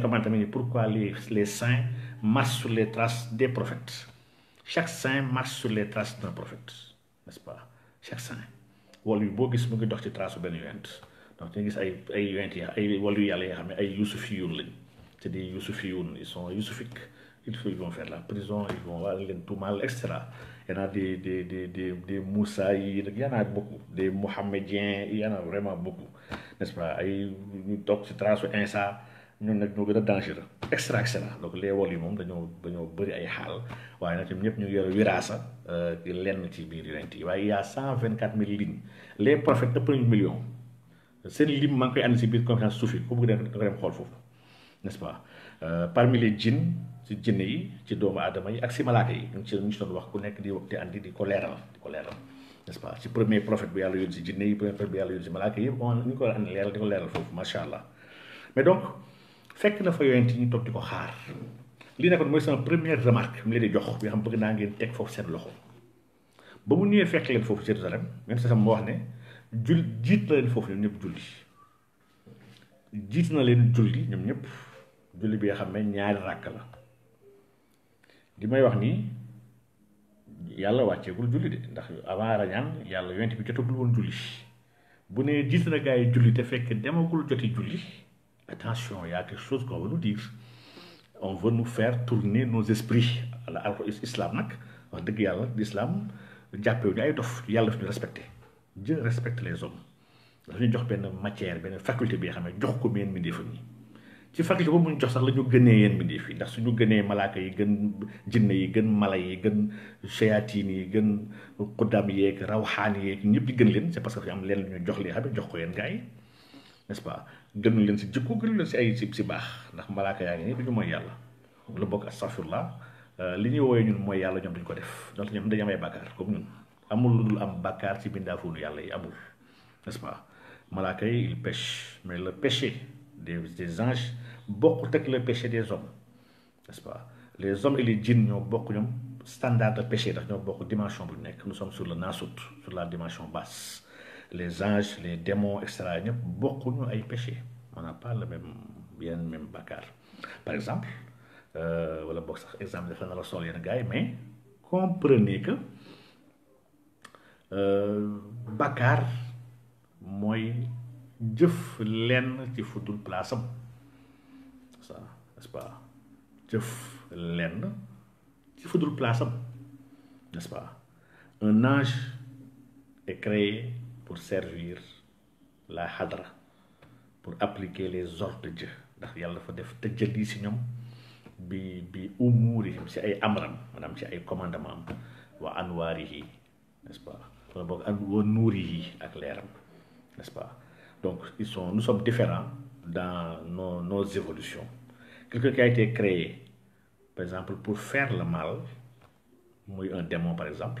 comment pourquoi les, saints marchent sur les traces des prophètes. Chaque saint marche sur les traces d'un prophète, n'est-ce pas? Chaque saint. wàllu bo gis mu ngi dox ci trace ben yent donc il gis ay ay yent yi ay wàllu yàlla yoo ay c'est des yusufiyun ils sont yusufiques ils vont faire la prison ils vont aller tout tout mal etc. il y a des des des des des il y en a beaucoup des Mohammediens il y en a vraiment beaucoup n'est-ce pas ay ñu a ci trace Insa ñun nag ñoo gën a dangereux extra excellent donc les wol yi moom dañoo dañoo bëri ay xaal waaye nag ñoom ñëpp ñu yor wiraasa euh, lenn ci biir yonent yi waaye y' a cent vingt quatre mille lignes les prophètes ëpp nañu million seen lim maa ngi koy andi si biir conférence suufi ku bëgg dem nga dem xool foofu n' est ce pas euh, parmi les jinn ci jinne yi ci doomu aadama yi ak si malaaka yi ñu ci ñu ci doon wax ku nekk di wax di andi di ko leeral di ko leeral n' est ce pas ci premier prophète bi yàlla yónni si jinne yi premier prophète bi yàlla yónni si malaaka yi on ñu ko andi leeral di ko leeral foofu macha allah mais donc fekk na fa yonent ñu toog di ko xaar lii nekkoon mooy sama première remarque mu leen di jox bi xam bëgg naa ngeen teg foofu seen loxo ba mu ñëwee fekk leen foofu Jérusalem même sa sama wax ne jul jiit na leen ñëpp julli jiit na leen julli ñoom ñëpp julli bi nga xam ne ñaari ràkk la li may wax nii yàlla wàcceegul julli de ndax avant rañaan yàlla yonent bi jotagul woon julli bu ne jiit na gaa yi julli te fekk demagul joti julli attention, il y a quelque chose qu'on veut nous dire. On veut nous faire tourner nos esprits. Alors, l'islam, nag wax dëgg yàlla l'islam jàppee ñu ay dof yàlla daf respecté Dieu respecte les hommes daf ñu jox benn matière benn faculté bi nga xam ne jox ko yéen mbindeefam yi ci faculté boobu ñu jox sax lañu ñu yeen yéen mbindeef yi ndax suñu gënee malaaka yi gën jinne yi gën mala yi gën shayatin yi gën yi ak rawxaan yi ñepp yi gën leen c'est parce que am leen lu ñu jox li xabi jox ko yeen gaay n'est-ce pas gënu leen si jikko gën leen si ay si si baax comme ñun amul am ce pas il pêche mais le péché des anges beaucoup que le péché des hommes nest pas les hommes et les djinns ñoo bokk standard de péché ndax ñoo dimension bu nous sommes sur le nasout, sur la dimension basse les anges les démons etc. beaucoup nous bokkuñu ay péché on n'a pas le même bien, même bakar. par exemple voilà, euh, boog sax exemple de la a sol gars mais comprenez que euh, moi, je jëf lenn ci fuddul place ça n'est-ce pas jëf lenn ci fuddul place n'est-ce pas un ange est créé pour servir la Hadra, pour appliquer les ordres de Dieu ndax yalla fa def tëjadi si ñom bi bi umuurihim ci ay amram manam ci ay commandement wa anwarihi, n'est-ce pas wala bok an wa ak n'est-ce pas donc ils sont nous sommes différents dans nos évolutions quelqu'un qui a été créé par exemple pour faire le mal muy un démon par exemple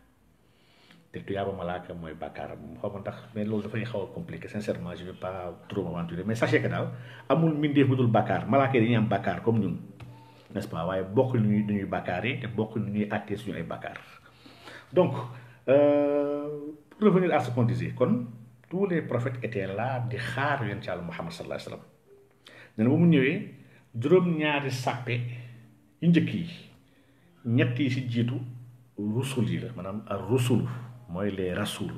te tuyaaba malaaka mooy bàkkaaram moom xaw ma ndax mais loolu dafay xaw a compliqué sincèrement je vais pas trop m'aventurer mais sachez que daal amul mbindeef bu dul bàkkaar malaaka yi dañuy am bàkkaar comme ñun nest pas waaye bokk lu ñuy dañuy bàkkaaree te bokk lu ñuy àttee suñu ay bàkkaar donc euh, pour revenir à ce qu'on disait kon tous les prophètes étaient là di xaar yonent Yàlla Muhammad sallallahu alayhi wa sallam nee na ba mu ñëwee juróom-ñaari sàppe yu njëkk yi ñett jiitu rusul yi mooy les rasoul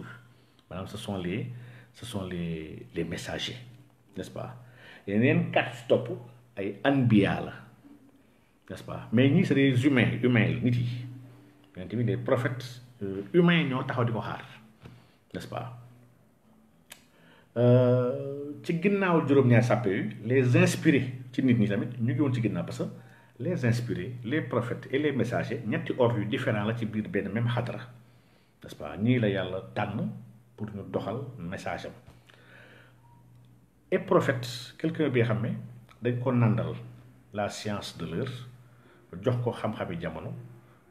Madame, ce sont les ce sont les les messagers n'est-ce pas yeneen quatre si topp ay anbiya n'est-ce pas mais ni c'est des humains humains la nit yi yonent des prophètes euh, humains ñoo taxaw di xaar n'est-ce pas euh, ci ginnaaw juroom ñaar sàppe les inspirés ci nit ñi tamit ñu ngi woon ci ginnaaw parce que les inspirés les prophètes et les messagers ñetti ordres yu différents la ci biir benn même hadra n'est-ce pas ñii la yàlla tànn pour ñu doxal message am et prophète quelqu'un bi dañ ko nandal la science de l'heure jox ko xam-xami jamono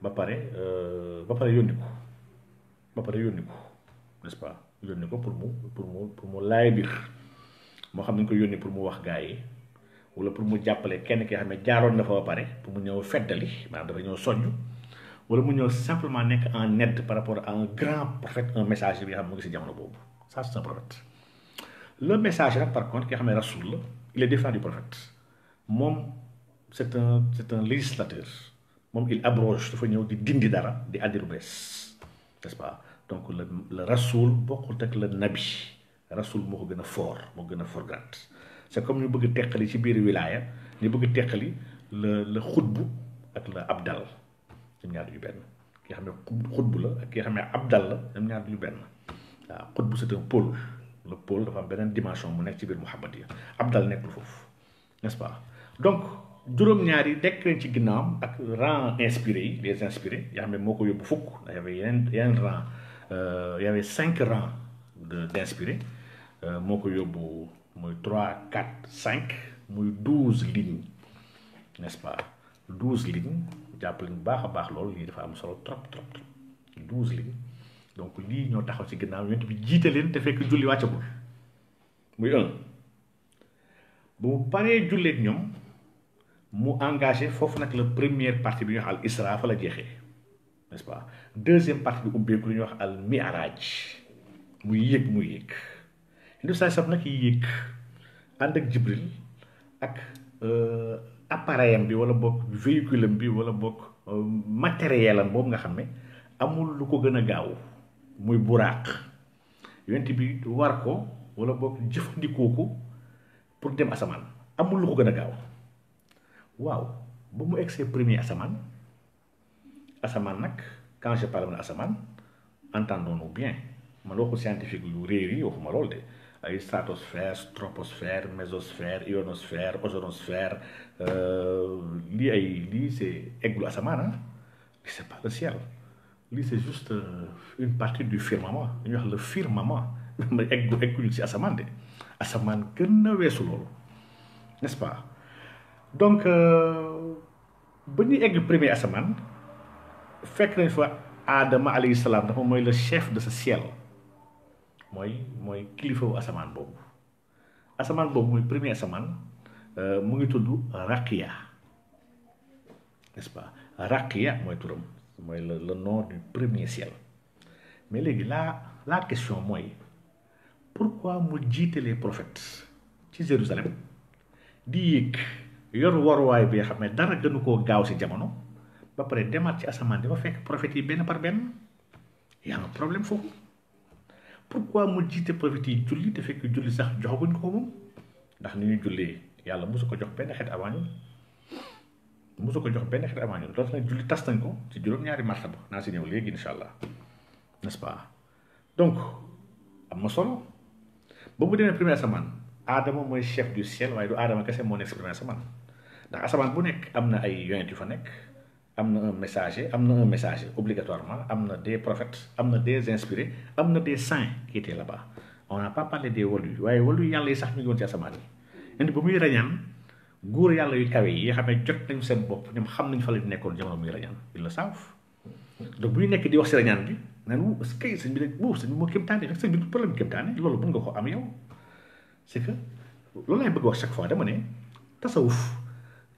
ba pare euh, ba pare yónni ko ba pare yónni ko n'est-ce pas yónni ko pour mu pour mu pour mu laay biir moo xam nañ ko yónni pour mu wax gars wala pour mu jàppale kenn ki jaaroon na fa ba pour mu ñëw dafa ñëw wala mu ñëw simplement nekk en aide par rapport à un grand prophète un message bi nga xam mu ngi si jamono boobu ça c'est un prophète le message nag par contre ki nga xam ne rasul la il est différent du prophète moom c'est un c'est un législateur moom il abroge dafa ñëw di dindi dara di addi lu bees n'est-ce pas donc le le rasul bokkul ak le nabi rasul moo ko gën a fort moo gën a fort grade c'est comme ñu bëgg teqali ci biir wilaya ñu bëgg teqali le le xutbu ak le abdal ñoom ñaar duñu benn ki nga xam ne xutbu la ak ki nga xam ne abdal la ñoom ñaar duñu benn waaw xutbu c'est un pôle le pôle dafa am beneen dimension mu nekk ci biir Muhammad yi abdal nekk foofu n'est-ce pas donc juróom-ñaar yi nekk nañ ci ginnaawam ak rang inspiré yi les inspirés yoo xam ne moo ko yóbbu fukk y avait yeneen yeneen rang euh, y avait cinq rangs de d'inspiré euh, moo ko yóbbu muy trois quatre cinq muy douze lignes n'est-ce pas douze lignes jàppale bu baax a baax loolu lii dafa am solo trop trop trop donc lii ñoo taxaw ci ginnaaw yonent bi jiite leen te fekk julli wàccagul muy bu mu paree julleeg ñoom mu engagé foofu nag la première partie bi ñuy wax al isra fa la jeexee n'est-ce pas deuxième partie bi lu ñuy wax al mi'raj muy yéeg muy yéeg yonent bi saa saf nag yéeg ànd ak jibril ak euh, appareil am bi wala bokk véhicule am bi wala bokk euh, matériel am boobu nga xam ne amul lu ko gën a gaaw muy buraaq yonent bi war ko wala bokk jëfandikoo ko pour dem asamaan amul lu ko gën a gaaw waaw ba mu egsee premier asamaan asamaan nag quand je parle asamaan entendons-nous bien man waxu scientifique yu réer yi waxuma lool de a estratosfera, troposfera, mesosfera, ionosfera, ozonosfera, aí, li é ai, né? li c'est samana, li c'est pas le ciel. Li c'est juste une partie du firmament, ñu o le firmament, mais egg eggul ci asaman de. Asaman gën a é loolu. N'est-ce pas? Donc euh, ba ñuy é egg premier asaman fekk nañ fa Adama alayhi salam dafa mooy chef de ce ciel. mooy mooy kilifawu asamaan boobu asamaan boobu muy premier asamaan euh, mu ngi tudd Raqiya n'est-ce pas Raqiya mooy turam mooy le le nom du premier ciel mais léegi laa la question mooy pourquoi mu jiite les prophètes ci Jérusalem di yéeg yor waruwaay bi xam ne dara gënu ko gaaw si jamono ba pare demaat ci asamaan dafa fekk prophètes yi benn par benn y a problème foofu. pourquoi mu jiite prophètes yi julli te fekk julli sax joxaguñ ko moom ndax ni ñuy jullee yàlla mosu ko jox benn xeet avant ñun mosu ko jox benn xeet avant ñun loolu nag julli tas nañ ko ci juróom-ñaari martaba naa si ñëw léegi incha allah n'est-ce pas donc am na solo ba mu demee première asamaan aadama mooy chef du ciel waaye du aadama kese moo nekk si première asamaan ndax asamaan bu nekk am na ay yonent yu fa nekk am na un messager am na un messager obligatoirement am na des prophètes am na des inspirés am na des saints qui étaient là-bas on n'a pas parlé des wàllu waye wàllu yalla yi sax ñu ngi woon ci asamaan yi indi muy rañaan góor yàlla yu kawé yi xamé jot nañ seen bop ñoom xam nañ fa la ñu nekkoon jamono muy rañaan il le sauf donc bu ñu nekk di wax si rañaan bi naan wu est-ce bi nag wow sëñ bi moo kéemtaane rek sëñ bi du problème kéemtaane loolu mën nga ko am yow c'est que loolu lay bëgg wax chaque fois dama né tasawuf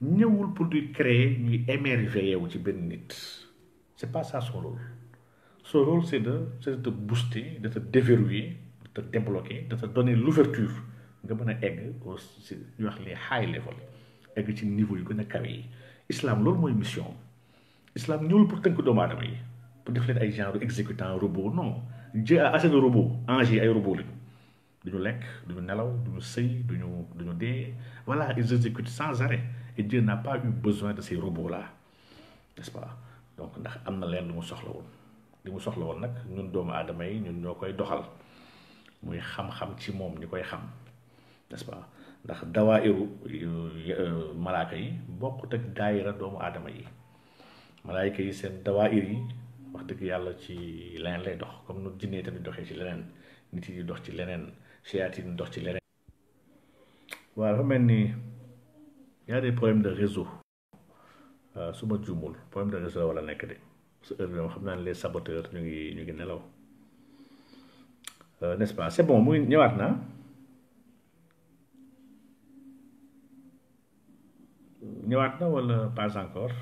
ñëwul pour di créer ñuy émerger yow ci benn nit c'est pas ça son rôle son rôle c'est de c'est de booster de te déverrouiller de te débloquer de te donner l'ouverture nga mën a egg au si ñu wax les high level egg ci niveau yu gën a kawe islam loolu mooy mission islam ñëwul pour tënk doomu aadama yi pour def leen ay genre exécutant robot non Dieu a ah, assez de robot ange ay robot lañu duñu lekk duñu nelaw duñu sëy duñu duñu dee voilà ils exécutent sans arrêt et Dieu n'a pas eu besoin de ces robots là ce pas donc ndax am na leen lu mu soxla woon li mu soxla woon nag ñun doomu aadama yi ñun ñoo koy doxal muy xam-xam ci moom ñi koy xam n'est-ce pas ndax dawaa iru euh, euh, malaaka yi bokkut ak daayira doomu aadama yi malaayka yi seen dawaa ir wax dëgg yàlla ci leneen lay dox comme nu jinnee tamit doxee ci leneen nit yi dox ci leneen seyaat yi dox ci leneen mel ni y a des problèmes de réseau euh, su ma juumul problème de réseau voilà wala nekk de su heure bi les saboteurs ñu ngi ñu ngi nelaw euh, n'est-ce pas c'est bon muy ñëwaat naa ñëwaat na wala pas encore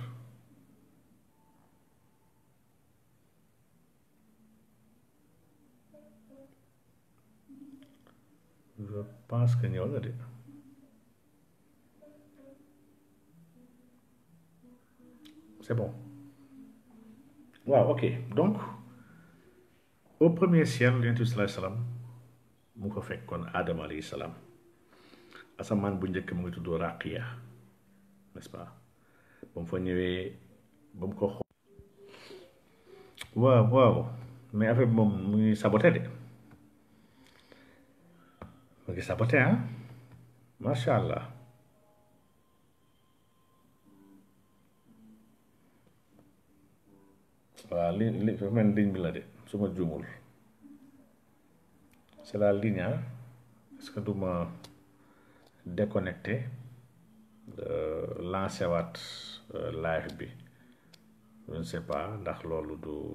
je pense que nous na de C'est bon. Wow, ok. Donc, au premier ciel, l'Intu salam mu ko kon Adam alayhi salaam Asaman bu njëkk mu ngi tudd Raqiya n'est-ce pas Bon, mu bon, ñëwee ko xool. waaw waaw mais affaire bon, moom ngi saboté de mu ngi saboté hein? macha allah. voilà li li mel ligne bi la de su ma juumul c'est la ligne ah que du ma déconnecté euh, lancé waat euh, live bi je ne pas ndax loolu du.